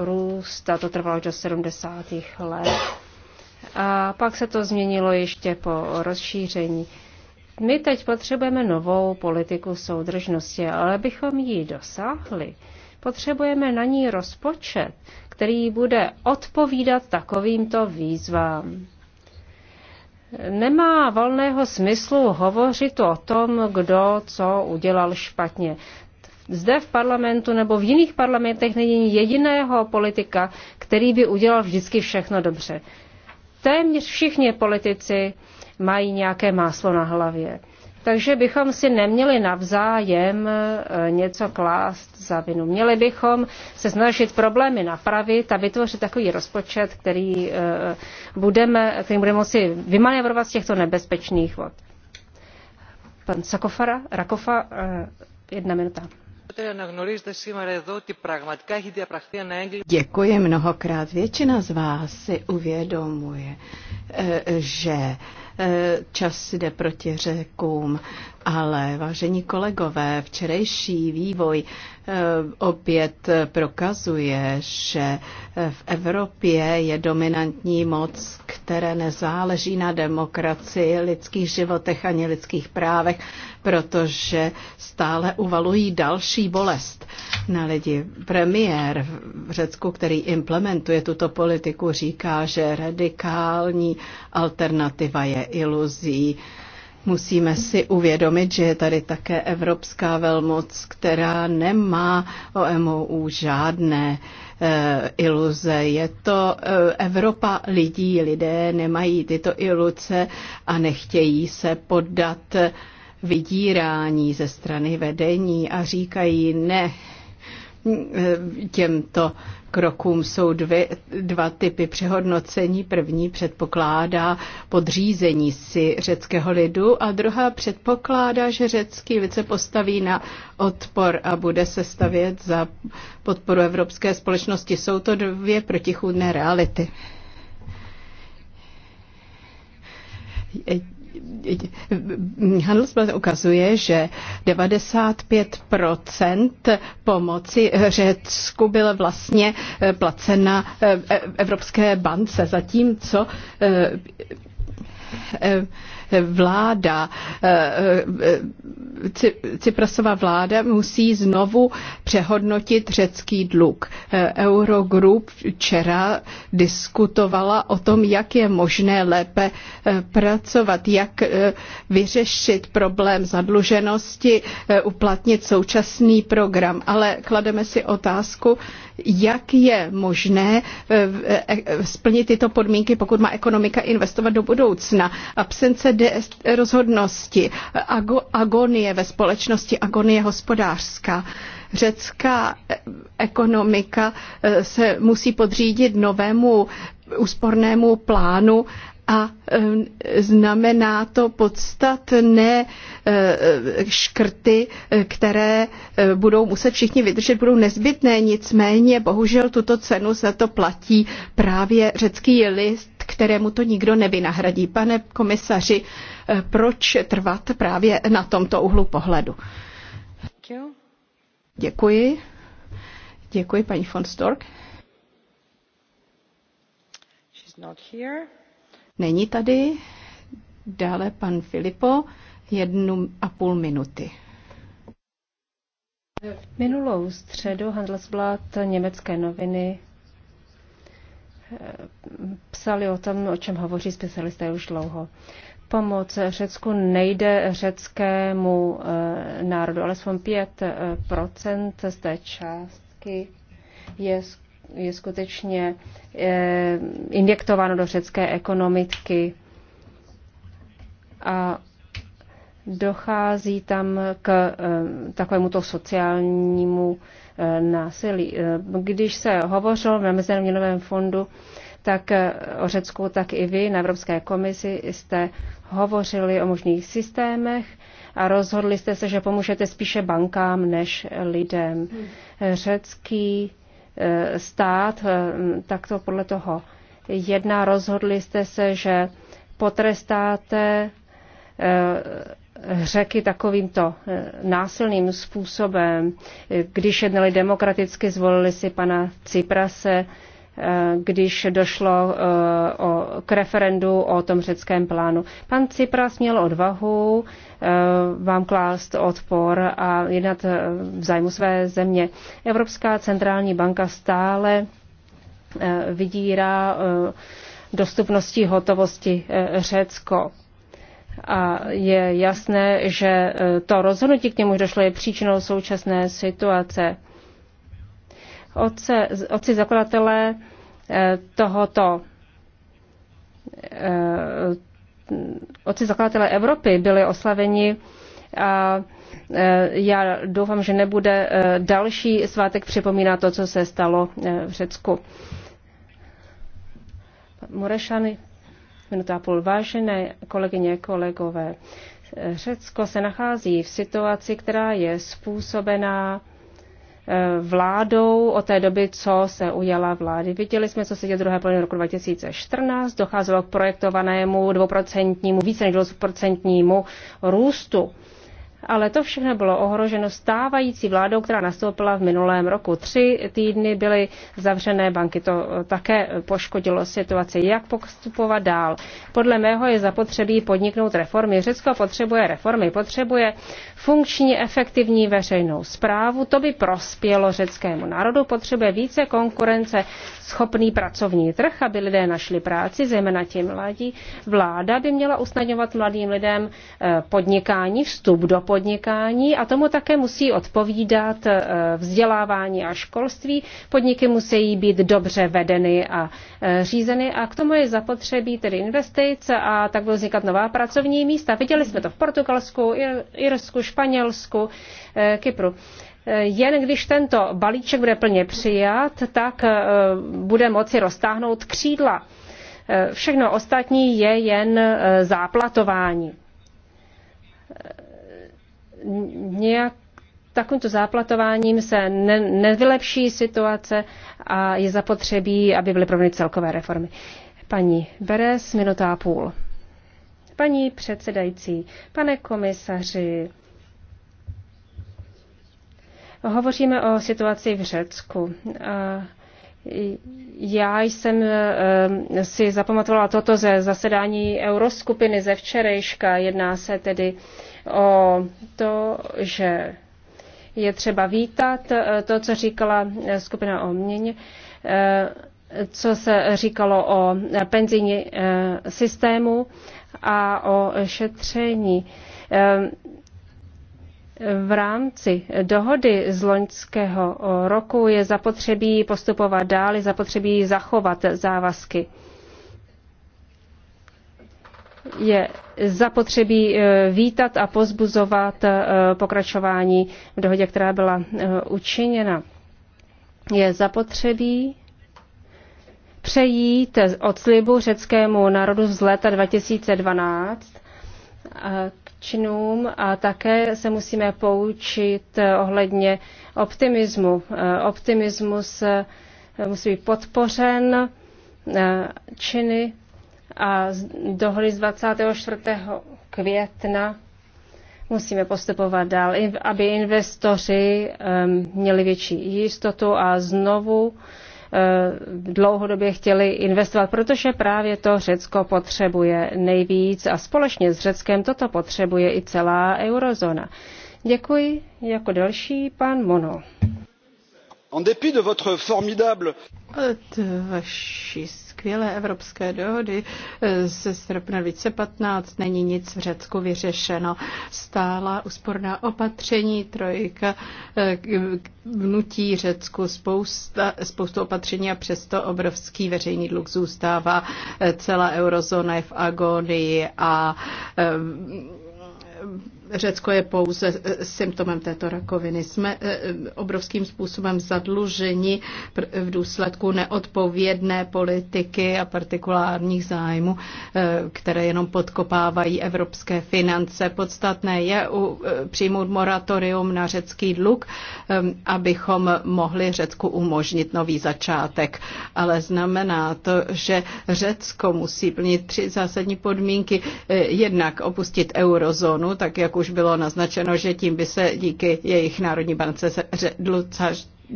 růst a to trvalo do 70. let. A pak se to změnilo ještě po rozšíření. My teď potřebujeme novou politiku soudržnosti, ale bychom ji dosáhli, potřebujeme na ní rozpočet, který bude odpovídat takovýmto výzvám. Nemá volného smyslu hovořit o tom, kdo co udělal špatně. Zde v parlamentu nebo v jiných parlamentech není jediného politika, který by udělal vždycky všechno dobře. Téměř všichni politici mají nějaké máslo na hlavě. Takže bychom si neměli navzájem e, něco klást za vinu. Měli bychom se snažit problémy napravit a vytvořit takový rozpočet, který e, budeme, který budeme moci vymanévrovat z těchto nebezpečných vod. Pan Sakofara, Rakofa, e, jedna minuta. Děkuji mnohokrát. Většina z vás si uvědomuje, že Eh, čas jde proti řekům. Ale, vážení kolegové, včerejší vývoj Eh, opět prokazuje, že eh, v Evropě je dominantní moc, které nezáleží na demokracii, lidských životech ani lidských právech, protože stále uvalují další bolest na lidi. Premiér v Řecku, který implementuje tuto politiku, říká, že radikální alternativa je iluzí. Musíme si uvědomit, že je tady také evropská velmoc, která nemá o MOU žádné e, iluze. Je to e, Evropa lidí, lidé nemají tyto iluce a nechtějí se poddat vydírání ze strany vedení a říkají ne eh, těmto krokům. Jsou dvě, dva typy přehodnocení. První předpokládá podřízení si řeckého lidu a druhá předpokládá, že řecký lid se postaví na odpor a bude se stavět za podporu evropské společnosti. Jsou to dvě protichůdné reality Handelsblatt ukazuje, že 95% pomoci Řecku byla vlastně placena eh, e, Evropské bance, zatímco eh, Eh, eh, vláda, eh, Ciprasova vláda musí znovu přehodnotit řecký dluh. Eurogroup včera diskutovala o tom, jak je možné lépe pracovat, jak vyřešit problém zadluženosti, uplatnit současný program. Ale klademe si otázku, jak je možné eh, eh, eh, splnit tyto podmínky, pokud má ekonomika investovat do budoucna. Absence rozhodnosti, agonie ve společnosti, agonie hospodářská řecká ekonomika se musí podřídit novému úspornému plánu a e, znamená to podstatné e, škrty, e, které budou muset všichni vydržet, budou nezbytné, nicméně bohužel tuto cenu za to platí právě řecký list, kterému to nikdo nevynahradí. Pane komisaři, proč trvat právě na tomto uhlu pohledu? Děkuji. Děkuji, paní von Stork. She's not here. Není tady. Dále pan Filipo, jednu a půl minuty. minulou středu Handelsblatt německé noviny eh, psali o tom, o čem hovoří specialisté už dlouho. Pomoc Řecku nejde řeckému eh, národu, svom 5 eh, z té částky je je skutečně eh, injektováno do řecké ekonomiky a dochází tam k eh, takovému to sociálnímu eh, násilí. Když se hovořilo na Mezinárodním fondu, tak o Řecku, tak i vy na Evropské komisi jste hovořili o možných systémech a rozhodli jste se, že pomůžete spíše bankám než lidem. Hmm. Řecký E, stát e, takto podle toho jedná. Rozhodli jste se, že potrestáte e, řeky takovýmto násilným způsobem. Když jednali demokraticky, zvolili si pana Ciprase když došlo eh, k referendu o tom řeckém plánu. Pan Cipras měl odvahu eh, vám klást odpor a jednat eh, v zájmu své země. Evropská centrální banka stále vydírá dostupnosti hotovosti Řecko. A je jasné, že to rozhodnutí, k němu došlo, je příčinou současné situace otce, otci zakladatelé eh, tohoto eh, otci zakladatelé Evropy byli oslaveni a eh, já doufám, že nebude další svátek připomínat to, co se stalo v Řecku. Morešany, minuta a půl. Vážené kolegyně, kolegové, Řecko se nachází v situaci, která je způsobená Eh, vládou od té doby, co se ujala vlády. Viděli jsme, co se děje druhé poloviny roku 2014. Docházelo k projektovanému dvouprocentnímu, více než dvouprocentnímu růstu ale to všechno bylo ohroženo stávající vládou, která nastoupila v minulém roku. Tři týdny byly zavřené banky, to eh, také poškodilo situaci. Jak postupovat dál? Podle mého je zapotřebí podniknout reformy. Řecko potřebuje reformy, potřebuje funkční, efektivní veřejnou zprávu. To by prospělo řeckému národu. Potřebuje více konkurence, schopný pracovní trh, aby lidé našli práci, zejména ti mladí. Vláda by měla usnadňovat mladým lidem eh, podnikání, vstup do podnikání podnikání a tomu také musí odpovídat eh, vzdělávání a školství. Podniky musí být dobře vedeny a eh, řízeny a k tomu je zapotřebí tedy investice a tak budou vznikat nová pracovní místa. Viděli jsme to v Portugalsku, Irsku, Španělsku, eh, Kypru. Jen když tento balíček bude plně přijat, tak bude moci roztáhnout křídla. Všechno ostatní je jen záplatování nějak takovýmto záplatováním se ne, nevylepší situace a je zapotřebí, aby byly provedeny celkové reformy. Paní Beres, minuta a půl. Paní předsedající, pane komisaři, hovoříme o situaci v Řecku. Já jsem eh, si zapamatovala toto ze zasedání euroskupiny ze včerejška. Jedná se tedy o to, že je třeba vítat e, to, co říkala e, skupina o měně, e, co se říkalo o penzijní systému a o šetření. V rámci dohody z loňského roku je zapotřebí postupovat dál, je zapotřebí zachovat závazky je zapotřebí eh, vítat a pozbuzovat eh, pokračování v dohodě, která byla eh, učiněna. Je zapotřebí přejít od slibu řeckému národu z léta 2012 k činům a také se musíme poučit ohledně optimismu. Optimismus musí být podpořen činy a dohody z 24. května musíme postupovat dál, aby investoři měli větší jistotu a znovu eh, dlouhodobě chtěli investovat, protože právě to Řecko potřebuje nejvíc a společně s Řeckem toto potřebuje i celá eurozóna. Děkuji. Jako další pan Mono. En dépit de votre formidable... Od vaší skvělé evropské dohody eh, ze srpna 2015 není nic v Řecku vyřešeno. Stála úsporná opatření, trojka eh, vnutí Řecku spousta, spoustu opatření a přesto obrovský veřejný dluh zůstává. Eh, celá eurozóna je v agonii a Řecko je pouze eh, symptomem této rakoviny. Jsme eh, obrovským způsobem zadluženi v důsledku neodpovědné politiky a partikulárních zájmů, eh, které jenom podkopávají evropské finance. Podstatné je přijmout moratorium na řecký dluh, abychom mohli Řecku umožnit nový začátek. Ale znamená to, že Řecko musí plnit tři zásadní podmínky. Jednak opustit eurozónu, korunu, tak jak už bylo naznačeno, že tím by se díky jejich Národní bance dluh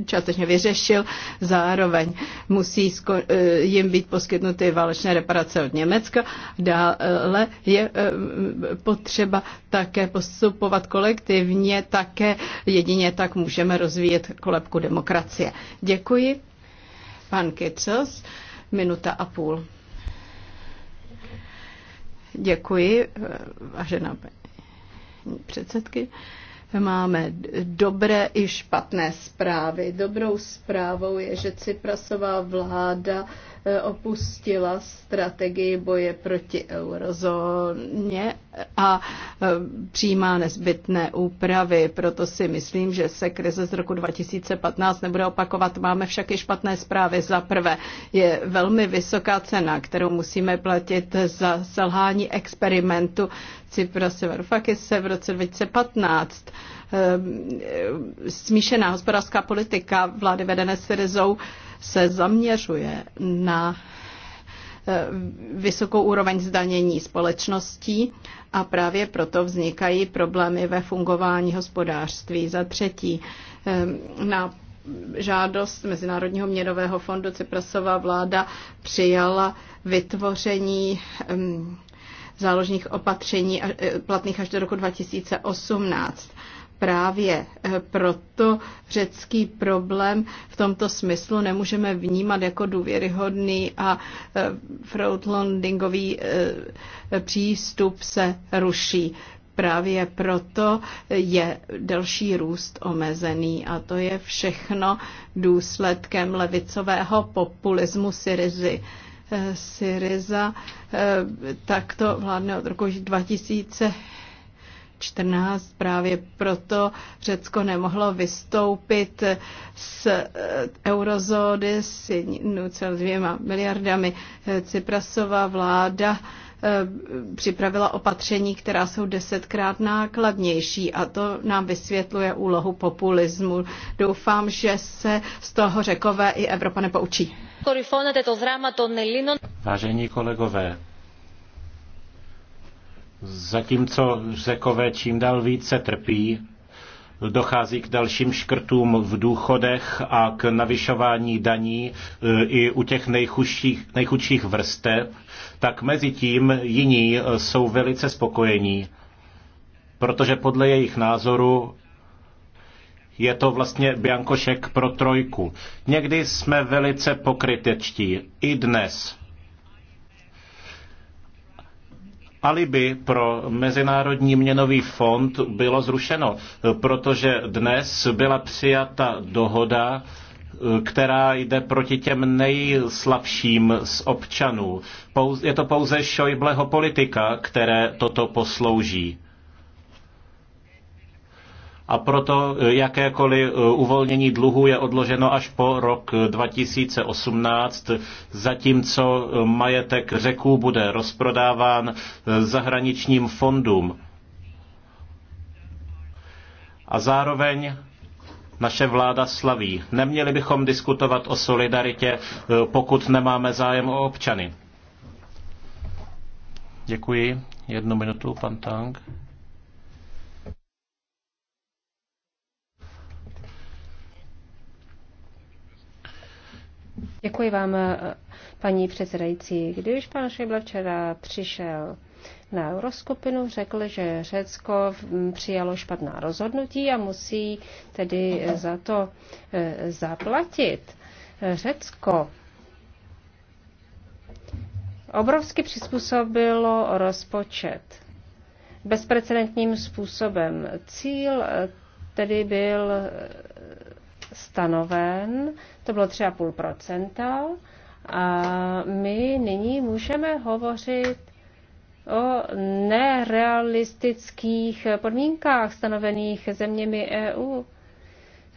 částečně vyřešil. Zároveň musí eh, jim být poskytnuty válečné reparace od Německa. Dále je eh, potřeba také postupovat kolektivně, také jedině tak můžeme rozvíjet kolebku demokracie. Děkuji. Pan Kicos, minuta a půl. Děkuji, eh, vážená paní předsedky. Máme dobré i špatné zprávy. Dobrou zprávou je, že Ciprasová vláda eh, opustila strategii boje proti eurozóně a eh, přijímá nezbytné úpravy. Proto si myslím, že se krize z roku 2015 nebude opakovat. Máme však i špatné zprávy. Za prvé je velmi vysoká cena, kterou musíme platit za selhání experimentu Severofakis prostě se v roce 2015. Ehm, smíšená hospodářská politika vlády vedené Syrizou se zaměřuje na eh, vysokou úroveň zdanění společností a právě proto vznikají problémy ve fungování hospodářství. Za třetí, ehm, na žádost Mezinárodního měnového fondu Ciprasová vláda přijala vytvoření ehm, záložních opatření e, platných až do roku 2018 právě e, proto řecký problém v tomto smyslu nemůžeme vnímat jako důvěryhodný a e, frontlandingový přístup se ruší. Právě proto je další růst omezený a to je všechno důsledkem levicového populismu Syrizy Syriza eh, tak to vládne od roku 2000 14. Právě proto Řecko nemohlo vystoupit z eh, eurozóny s 1,2 miliardami. Eh, Cyprasová vláda Eh, připravila opatření, která jsou desetkrát nákladnější a to nám vysvětluje úlohu populismu. Doufám, že se z toho řekové i Evropa nepoučí. Vážení kolegové, zatímco řekové čím dál více trpí, dochází k dalším škrtům v důchodech a k navyšování daní eh, i u těch nejchudších, nejchudších vrstev, tak mezi tím jiní eh, jsou velice spokojení, protože podle jejich názoru je to vlastně biankošek pro trojku. Někdy jsme velice pokrytečtí, i dnes alibi pro Mezinárodní měnový fond bylo zrušeno, protože dnes byla přijata dohoda, která jde proti těm nejslabším z občanů. Je to pouze Šojbleho politika, které toto poslouží a proto e, jakékoliv e, uvolnění dluhu je odloženo až po rok 2018, e, zatímco majetek řeků bude rozprodáván zahraničním fondům. A zároveň naše vláda slaví. Neměli bychom diskutovat o solidaritě, pokud nemáme zájem o občany. Děkuji. Jednu minutu, pan Tang. Děkuji vám, eh, paní předsedající. Když pan Šejbla včera přišel na Euroskupinu, řekl, že Řecko mm, přijalo špatná rozhodnutí a musí tedy za to eh, zaplatit. Řecko obrovsky přizpůsobilo rozpočet bezprecedentním způsobem. Cíl eh, tedy byl stanoven, to bylo 3,5%, a my nyní můžeme hovořit o nerealistických podmínkách stanovených zeměmi EU.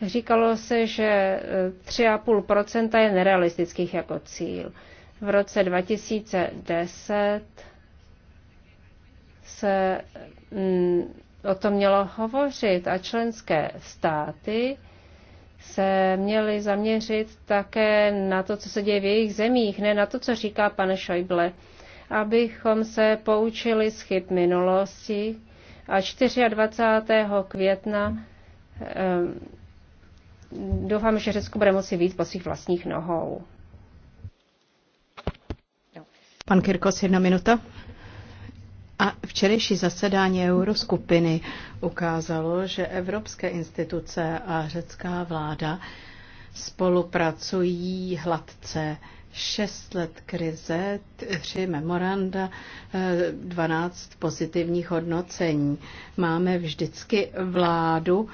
Říkalo se, že 3,5% je nerealistických jako cíl. V roce 2010 se mm, o tom mělo hovořit a členské státy se měli zaměřit také na to, co se děje v jejich zemích, ne na to, co říká pane Schäuble, abychom se poučili z chyb minulosti a 24. května ehm, doufám, že Řecko bude moci víc po svých vlastních nohou. Pan Kirkos, jedna minuta. A včerejší zasedání euroskupiny ukázalo, že evropské instituce a řecká vláda spolupracují hladce. Šest let krize, tři memoranda, eh, dvanáct pozitivních hodnocení. Máme vždycky vládu,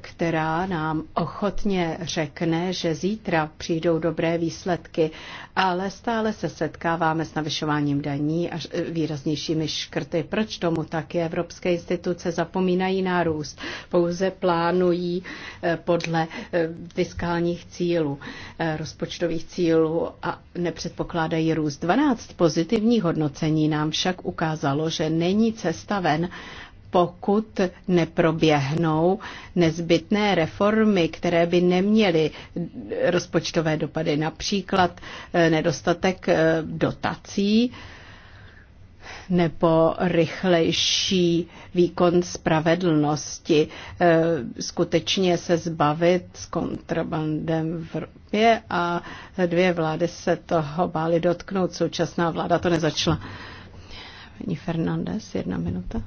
která nám ochotně řekne, že zítra přijdou dobré výsledky, ale stále se setkáváme s navyšováním daní a výraznějšími škrty. Proč tomu tak Evropské instituce zapomínají na růst, pouze plánují eh, podle eh, fiskálních cílů, eh, rozpočtových cílů a nepředpokládají růst. 12 pozitivních hodnocení nám však ukázalo, že není cesta ven pokud neproběhnou nezbytné reformy, které by neměly rozpočtové dopady, například eh, nedostatek eh, dotací nebo rychlejší výkon spravedlnosti, eh, skutečně se zbavit s kontrabandem v Evropě a dvě vlády se toho bály dotknout. Současná vláda to nezačala. Paní Fernandez, jedna minuta.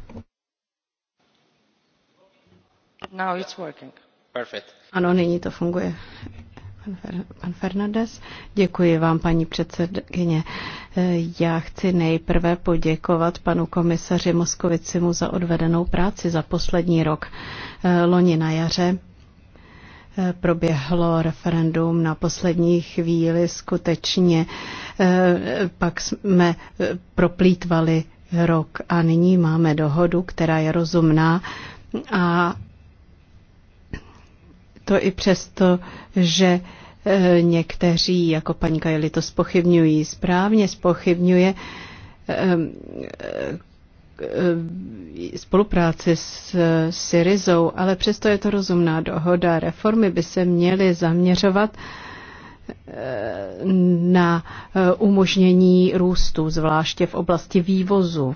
Ano, nyní to funguje. Pan Fernandez, děkuji vám, paní předsedkyně. Eh, já chci nejprve poděkovat panu komisaři Moskovicimu za odvedenou práci za poslední rok. Eh, loni na jaře eh, proběhlo referendum na poslední chvíli, skutečně pak jsme proplítvali rok a nyní máme dohodu, která je rozumná a to i přesto, že e, někteří, jako paní Kajeli, to spochybňují. Správně spochybňuje e, spolupráci s Syrizou, ale přesto je to rozumná dohoda. Reformy by se měly zaměřovat e, na umožnění růstu, zvláště v oblasti vývozu.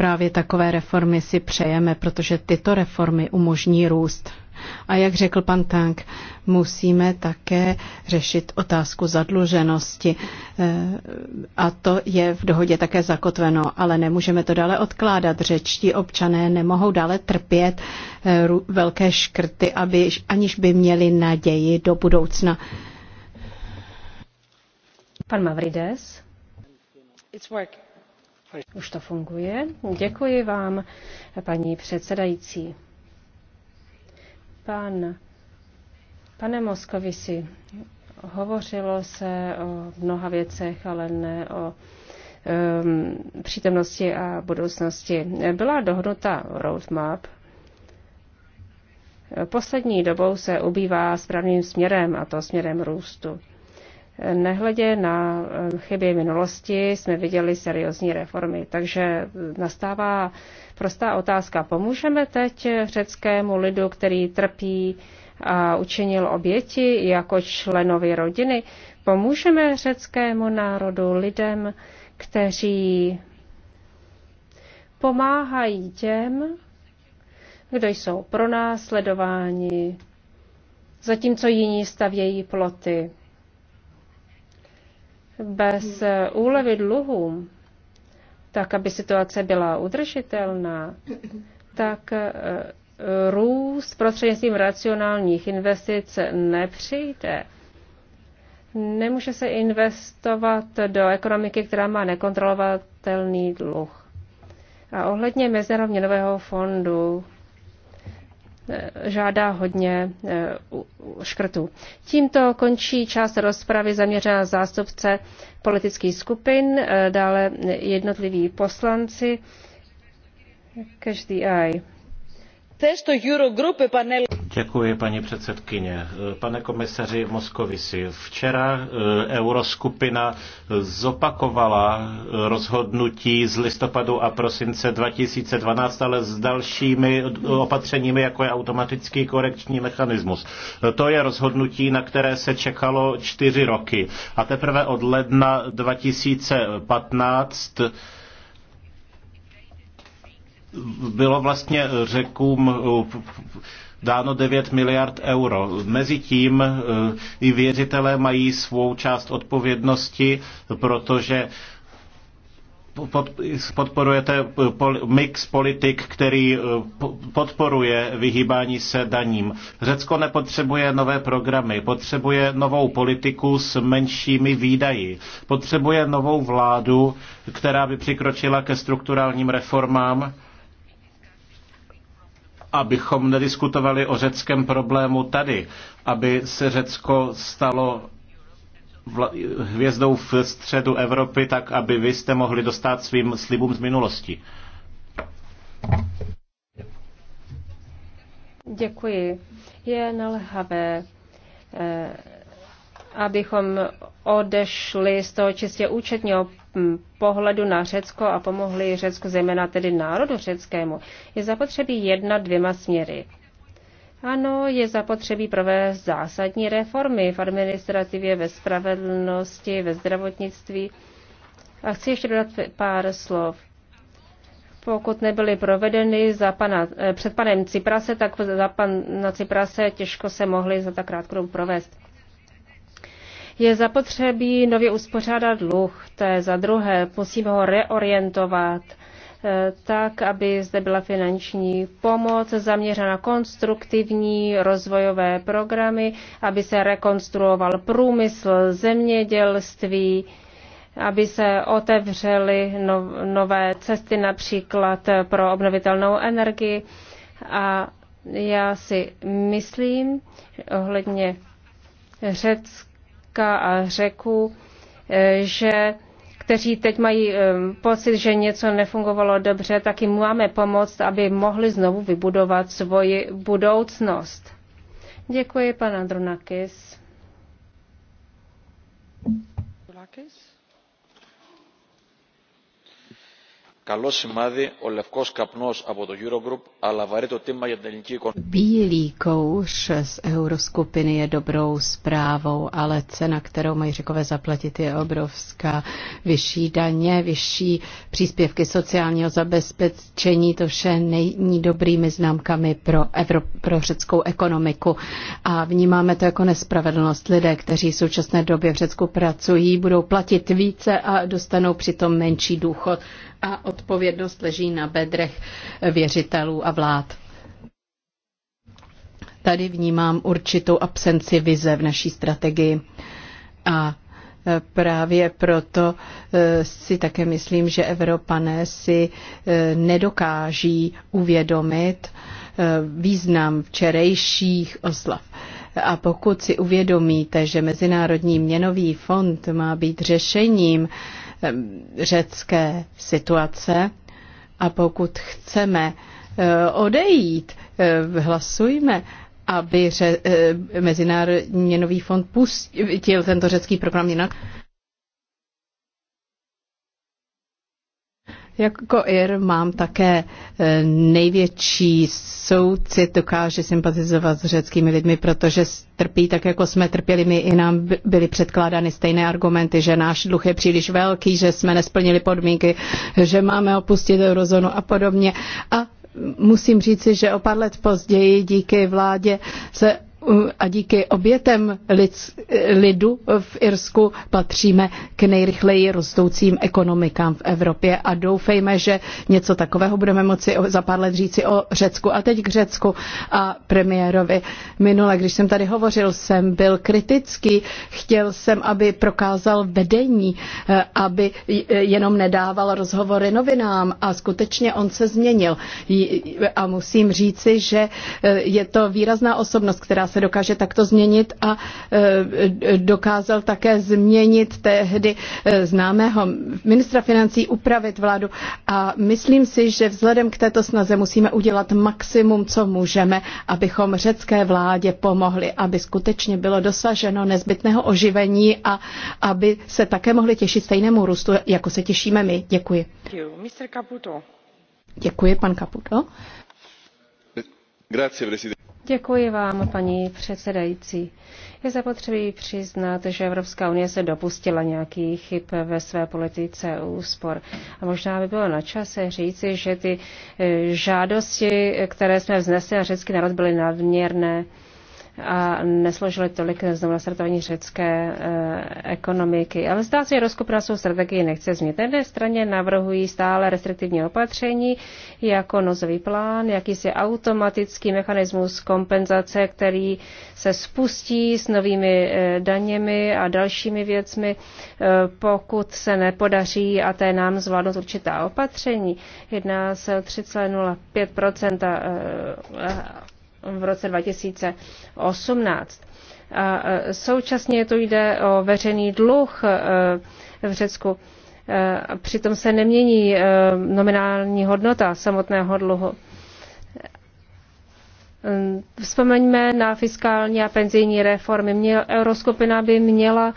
Právě takové reformy si přejeme, protože tyto reformy umožní růst. A jak řekl pan Tank, musíme také řešit otázku zadluženosti. Eh, a to je v dohodě také zakotveno, ale nemůžeme to dále odkládat. Řečtí občané nemohou dále trpět eh, velké škrty, aby, aniž by měli naději do budoucna. Pan Mavrides. It's working. Už to funguje. Děkuji vám, paní předsedající. Pan, pane Moskovisi, hovořilo se o mnoha věcech, ale ne o um, přítomnosti a budoucnosti. Byla dohodnuta roadmap. Poslední dobou se ubývá správným směrem, a to směrem růstu. Nehledě na eh, chyby minulosti jsme viděli seriózní reformy, takže nastává prostá otázka. Pomůžeme teď řeckému lidu, který trpí a učinil oběti jako členovi rodiny? Pomůžeme řeckému národu, lidem, kteří pomáhají těm, kdo jsou pro následování, zatímco jiní stavějí ploty bez eh, úlevy dluhům, tak aby situace byla udržitelná, tak eh, růst prostřednictvím racionálních investic nepřijde. Nemůže se investovat do ekonomiky, která má nekontrolovatelný dluh. A ohledně Mezinárodního měnového fondu Eh, žádá hodně eh, škrtů. Tímto končí část rozpravy zaměřená zástupce politických skupin, eh, dále jednotliví poslanci. Každý aj. Tež to panel. Děkuji, paní předsedkyně. Pane komisaři Moskovisi, včera eh, Euroskupina zopakovala eh, rozhodnutí z listopadu a prosince 2012, ale s dalšími opatřeními, jako je automatický korekční mechanismus. To je rozhodnutí, na které se čekalo čtyři roky. A teprve od ledna 2015 bylo vlastně eh, řekům dáno 9 miliard euro. Mezitím eh, i věřitelé mají svou část odpovědnosti, protože podporujete eh, mix politik, který eh, podporuje vyhýbání se daním. Řecko nepotřebuje nové programy, potřebuje novou politiku s menšími výdaji, potřebuje novou vládu, která by přikročila ke strukturálním reformám abychom nediskutovali o řeckém problému tady, aby se Řecko stalo hvězdou v středu Evropy, tak aby vy jste mohli dostat svým slibům z minulosti. Děkuji. Je nalhavé, eh, abychom odešli z toho čistě účetního pohledu na Řecko a pomohli Řecku, zejména tedy národu řeckému, je zapotřebí jedna dvěma směry. Ano, je zapotřebí provést zásadní reformy v administrativě, ve spravedlnosti, ve zdravotnictví. A chci ještě dodat pár slov. Pokud nebyly provedeny za pana, eh, před panem Ciprase, tak za pana Ciprase těžko se mohly za tak krátkou provést. Je zapotřebí nově uspořádat dluh, to je za druhé, musíme ho reorientovat eh, tak, aby zde byla finanční pomoc zaměřena konstruktivní rozvojové programy, aby se rekonstruoval průmysl, zemědělství, aby se otevřely nové cesty například pro obnovitelnou energii. A já si myslím ohledně Řecka, Řecka a Řeku, eh, že kteří teď mají eh, pocit, že něco nefungovalo dobře, tak jim máme pomoct, aby mohli znovu vybudovat svoji budoucnost. Děkuji, pan Andronakis. Καλό σημάδι ο λευκός καπνός από το Eurogroup Bílý kouř z euroskupiny je dobrou zprávou, ale cena, kterou mají řekové zaplatit, je obrovská. Vyšší daně, vyšší příspěvky sociálního zabezpečení, to vše není dobrými známkami pro, Evrop, pro řeckou ekonomiku. A vnímáme to jako nespravedlnost. Lidé, kteří v současné době v Řecku pracují, budou platit více a dostanou přitom menší důchod. A odpovědnost leží na bedrech věřitelů a a vlád. Tady vnímám určitou absenci vize v naší strategii. A e, Právě proto e, si také myslím, že Evropané si e, nedokáží uvědomit význam včerejších oslav. A pokud si uvědomíte, že Mezinárodní měnový fond má být řešením řecké situace, a pokud chceme Eh, odejít. Eh, hlasujme aby ře, eh, Mezinárodní měnový fond pustil tento řecký program jinak. Jako Ir mám také největší soucit, dokáže sympatizovat s řeckými lidmi, protože trpí tak, jako jsme trpěli my, i nám byly předkládány stejné argumenty, že náš dluh je příliš velký, že jsme nesplnili podmínky, že máme opustit eurozónu a podobně. A musím říci, že o pár let později díky vládě se a díky obětem lid, lidu v Irsku patříme k nejrychleji rostoucím ekonomikám v Evropě a doufejme, že něco takového budeme moci za pár let říci o Řecku. A teď k Řecku a premiérovi. Minule, když jsem tady hovořil, jsem byl kritický, chtěl jsem, aby prokázal vedení, eh, aby jenom nedával rozhovory novinám a skutečně on se změnil. A musím říci, že eh, je to výrazná osobnost, která se dokáže takto změnit a e, dokázal také změnit tehdy e, známého ministra financí, upravit vládu. A myslím si, že vzhledem k této snaze musíme udělat maximum, co můžeme, abychom řecké vládě pomohli, aby skutečně bylo dosaženo nezbytného oživení a aby se také mohli těšit stejnému růstu, jako se těšíme my. Děkuji. Děkuji, pan Caputo. Děkuji vám, paní předsedající. Je zapotřebí přiznat, že Evropská unie se dopustila nějaký chyb ve své politice úspor. A možná by bylo na čase říci, že ty eh, žádosti, které jsme vznesli na řecký národ, byly nadměrné a nesložili tolik znovu nastartování řecké e, ekonomiky. Ale zdá se, že rozkopná svou strategii nechce změnit. Na jedné straně navrhují stále restriktivní opatření jako nozový plán, jakýsi automatický mechanismus kompenzace, který se spustí s novými e, daněmi a dalšími věcmi, e, pokud se nepodaří a té nám zvládnout určitá opatření. Jedná se o 3,05 v roce 2018. A e, současně tu jde o veřejný dluh e, v Řecku. E, přitom se nemění nominální hodnota samotného dluhu. Vzpomeňme na fiskální a penzijní reformy. Euroskupina by měla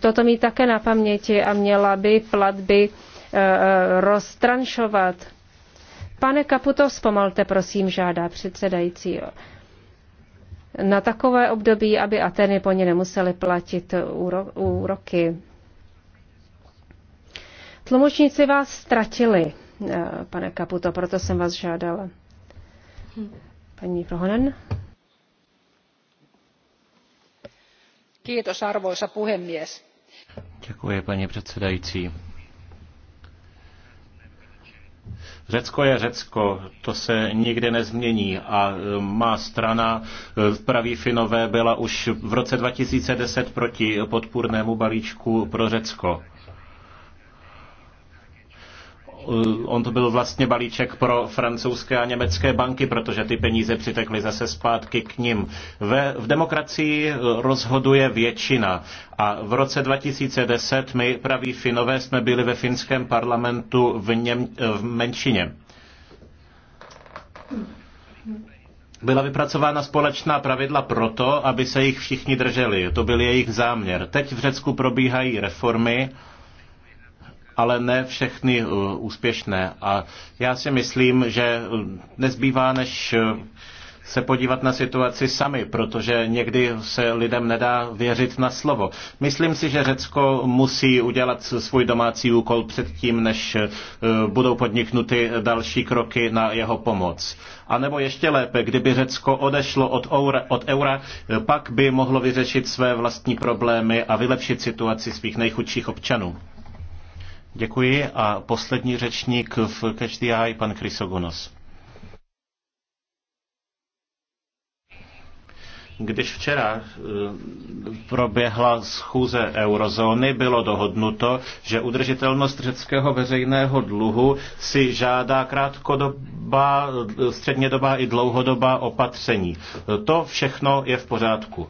toto mít také na paměti a měla by platby roztranšovat Pane Kaputo, zpomalte, prosím, žádá předsedající na takové období, aby Ateny po ně nemusely platit úroky. Tlumočníci vás ztratili, eh, pane Kaputo, proto jsem vás žádala. Paní Prohonen. arvoisa puhemies. Děkuji, paní předsedající Řecko je Řecko, to se nikdy nezmění a e, má strana e, v pravý Finové byla už v roce 2010 proti podpůrnému balíčku pro Řecko. Eh, on to byl vlastně balíček pro francouzské a německé banky, protože ty peníze přitekly zase zpátky k ním. Ve, v demokracii eh, rozhoduje většina a v roce 2010 my, praví Finové, jsme byli ve finském parlamentu v, něm, eh, v menšině. Byla vypracována společná pravidla proto, aby se jich všichni drželi. To byl jejich záměr. Teď v Řecku probíhají reformy, ale ne všechny eh, úspěšné. A já si myslím, že nezbývá než eh, se podívat na situaci sami, protože někdy se lidem nedá věřit na slovo. Myslím si, že Řecko musí udělat svůj domácí úkol předtím, než eh, budou podniknuty další kroky na jeho pomoc. A nebo ještě lépe, kdyby Řecko odešlo od eura, od eura, pak by mohlo vyřešit své vlastní problémy a vylepšit situaci svých nejchudších občanů. Děkuji a poslední řečník v Catch the Eye, pan Chrysogonos. Když včera eh, proběhla schůze eurozóny, bylo dohodnuto, že udržitelnost řeckého veřejného dluhu si žádá krátkodobá, eh, střednědobá i dlouhodobá opatření. To všechno je v pořádku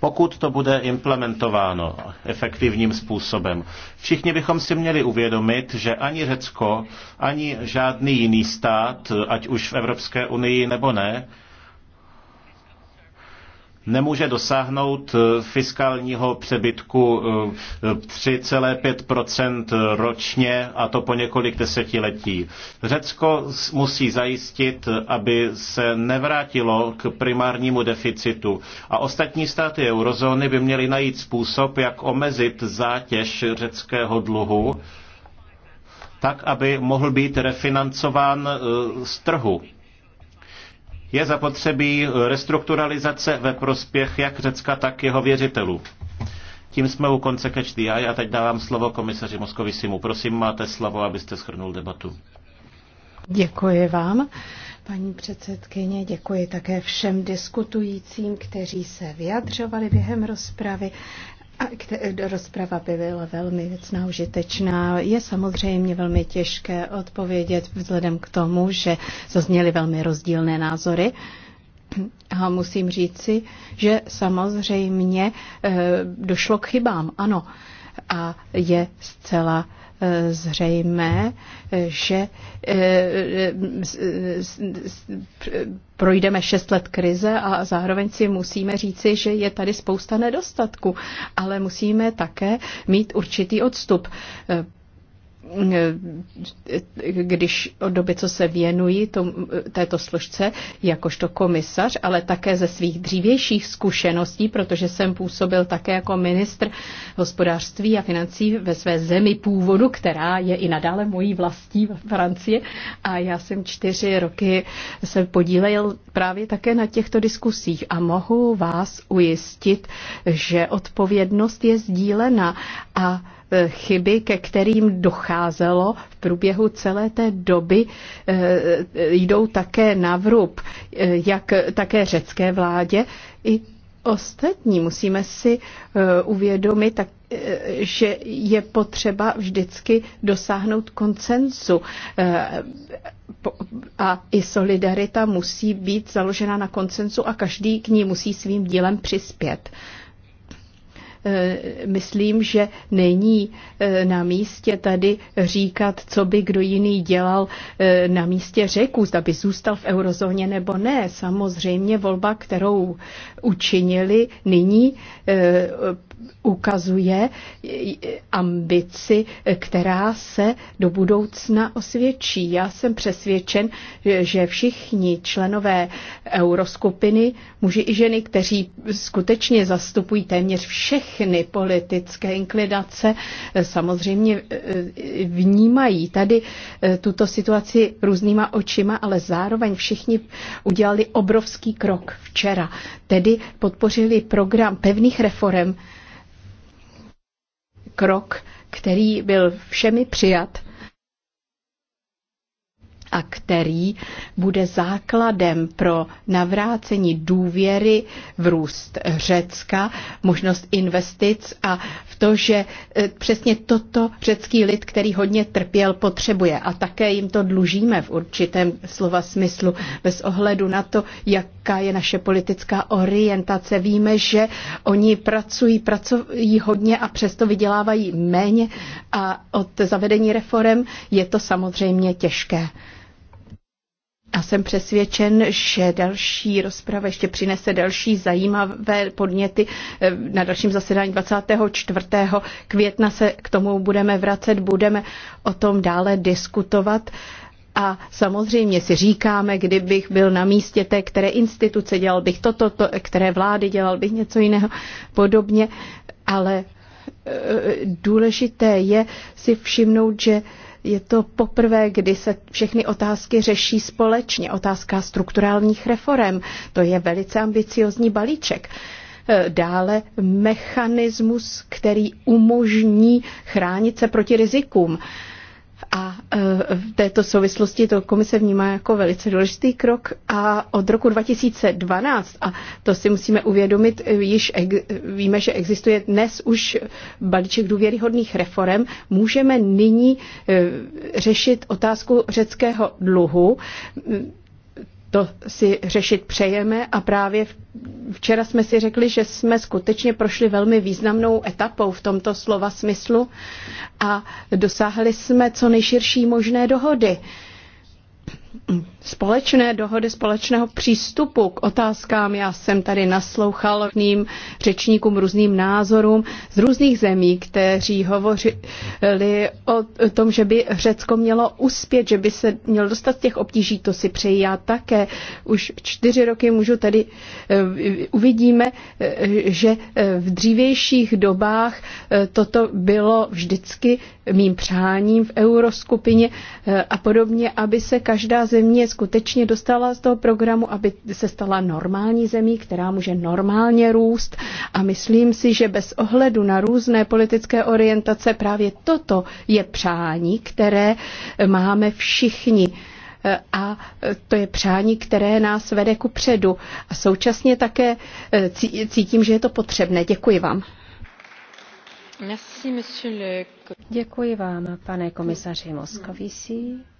pokud to bude implementováno efektivním způsobem. Všichni bychom si měli uvědomit, že ani Řecko, ani žádný jiný stát, ať už v Evropské unii nebo ne, nemůže dosáhnout eh, fiskálního přebytku 3,5 eh, ročně a to po několik desetiletí. Řecko musí zajistit, aby se nevrátilo k primárnímu deficitu a ostatní státy eurozóny by měly najít způsob, jak omezit zátěž řeckého dluhu tak, aby mohl být refinancován eh, z trhu je zapotřebí restrukturalizace ve prospěch jak Řecka, tak jeho věřitelů. Tím jsme u konce Catch the Eye a teď dávám slovo komisaři Moskovisimu. Prosím, máte slovo, abyste schrnul debatu. Děkuji vám. Paní předsedkyně, děkuji také všem diskutujícím, kteří se vyjadřovali během rozpravy. Rozprava by byla velmi věcná, užitečná. Je samozřejmě velmi těžké odpovědět vzhledem k tomu, že zazněly velmi rozdílné názory. A musím říci, že samozřejmě eh, došlo k chybám, ano. A je zcela zřejmé, že eh, projdeme šest let krize a zároveň si musíme říci, že je tady spousta nedostatků, ale musíme také mít určitý odstup když od doby, co se věnují tom, této složce, jakožto komisař, ale také ze svých dřívějších zkušeností, protože jsem působil také jako ministr hospodářství a financí ve své zemi původu, která je i nadále mojí vlastní Francie. A já jsem čtyři roky se podílel právě také na těchto diskusích a mohu vás ujistit, že odpovědnost je sdílena a Eh, chyby, ke kterým docházelo v průběhu celé té doby, eh, jdou také na vrub, eh, jak také řecké vládě, i ostatní. Musíme si uvědomit, tak, že je potřeba vždycky dosáhnout koncenzu. A i solidarita musí být založena na koncenzu a každý k ní musí svým dílem přispět. Eh, myslím, že není eh, na místě tady říkat, co by kdo jiný dělal eh, na místě řeků, zda by zůstal v eurozóně nebo ne. Samozřejmě volba, kterou učinili nyní, ukazuje ambici, která se do budoucna osvědčí. Já jsem přesvědčen, že všichni členové euroskupiny, muži i ženy, kteří skutečně zastupují téměř všechny politické inklinace, samozřejmě eh, vnímají tady eh, tuto situaci různýma očima, ale zároveň všichni udělali obrovský krok včera. Tedy podpořili program pevných reform, krok, který byl všemi přijat a který bude základem pro navrácení důvěry v růst Řecka, možnost investic a v to, že e, přesně toto řecký lid, který hodně trpěl, potřebuje. A také jim to dlužíme v určitém slova smyslu. Bez ohledu na to, jaká je naše politická orientace, víme, že oni pracují, pracují hodně a přesto vydělávají méně a od zavedení reform je to samozřejmě těžké. A jsem přesvědčen, že další rozprava ještě přinese další zajímavé podněty. Eh, na dalším zasedání 24. května se k tomu budeme vracet, budeme o tom dále diskutovat. A samozřejmě si říkáme, kdybych byl na místě té, které instituce dělal bych toto, to, které vlády dělal bych něco jiného, podobně. Ale eh, důležité je si všimnout, že je to poprvé, kdy se všechny otázky řeší společně. Otázka strukturálních reform, to je velice ambiciozní balíček e, dále mechanismus, který umožní chránit se proti rizikům. A e, v této souvislosti to komise vnímá jako velice důležitý krok a od roku 2012, a to si musíme uvědomit, e, již víme, že existuje dnes už balíček důvěryhodných reform, můžeme nyní e, řešit otázku řeckého dluhu to si řešit přejeme a právě včera jsme si řekli, že jsme skutečně prošli velmi významnou etapou v tomto slova smyslu a dosáhli jsme co nejširší možné dohody společné dohody, společného přístupu k otázkám. Já jsem tady naslouchal různým řečníkům, různým názorům z různých zemí, kteří hovořili o tom, že by Řecko mělo uspět, že by se mělo dostat z těch obtíží. To si přeji já také. Už čtyři roky můžu tady eh, uvidíme, eh, že eh, v dřívějších dobách toto bylo vždycky mým přáním v euroskupině a podobně, aby se každá každá země skutečně dostala z toho programu, aby se stala normální zemí, která může normálně růst. A myslím si, že bez ohledu na různé politické orientace právě toto je přání, které máme všichni a to je přání, které nás vede ku předu. A současně také cítím, že je to potřebné. Děkuji vám. Merci, Děkuji vám, pane komisaři Moskovisi.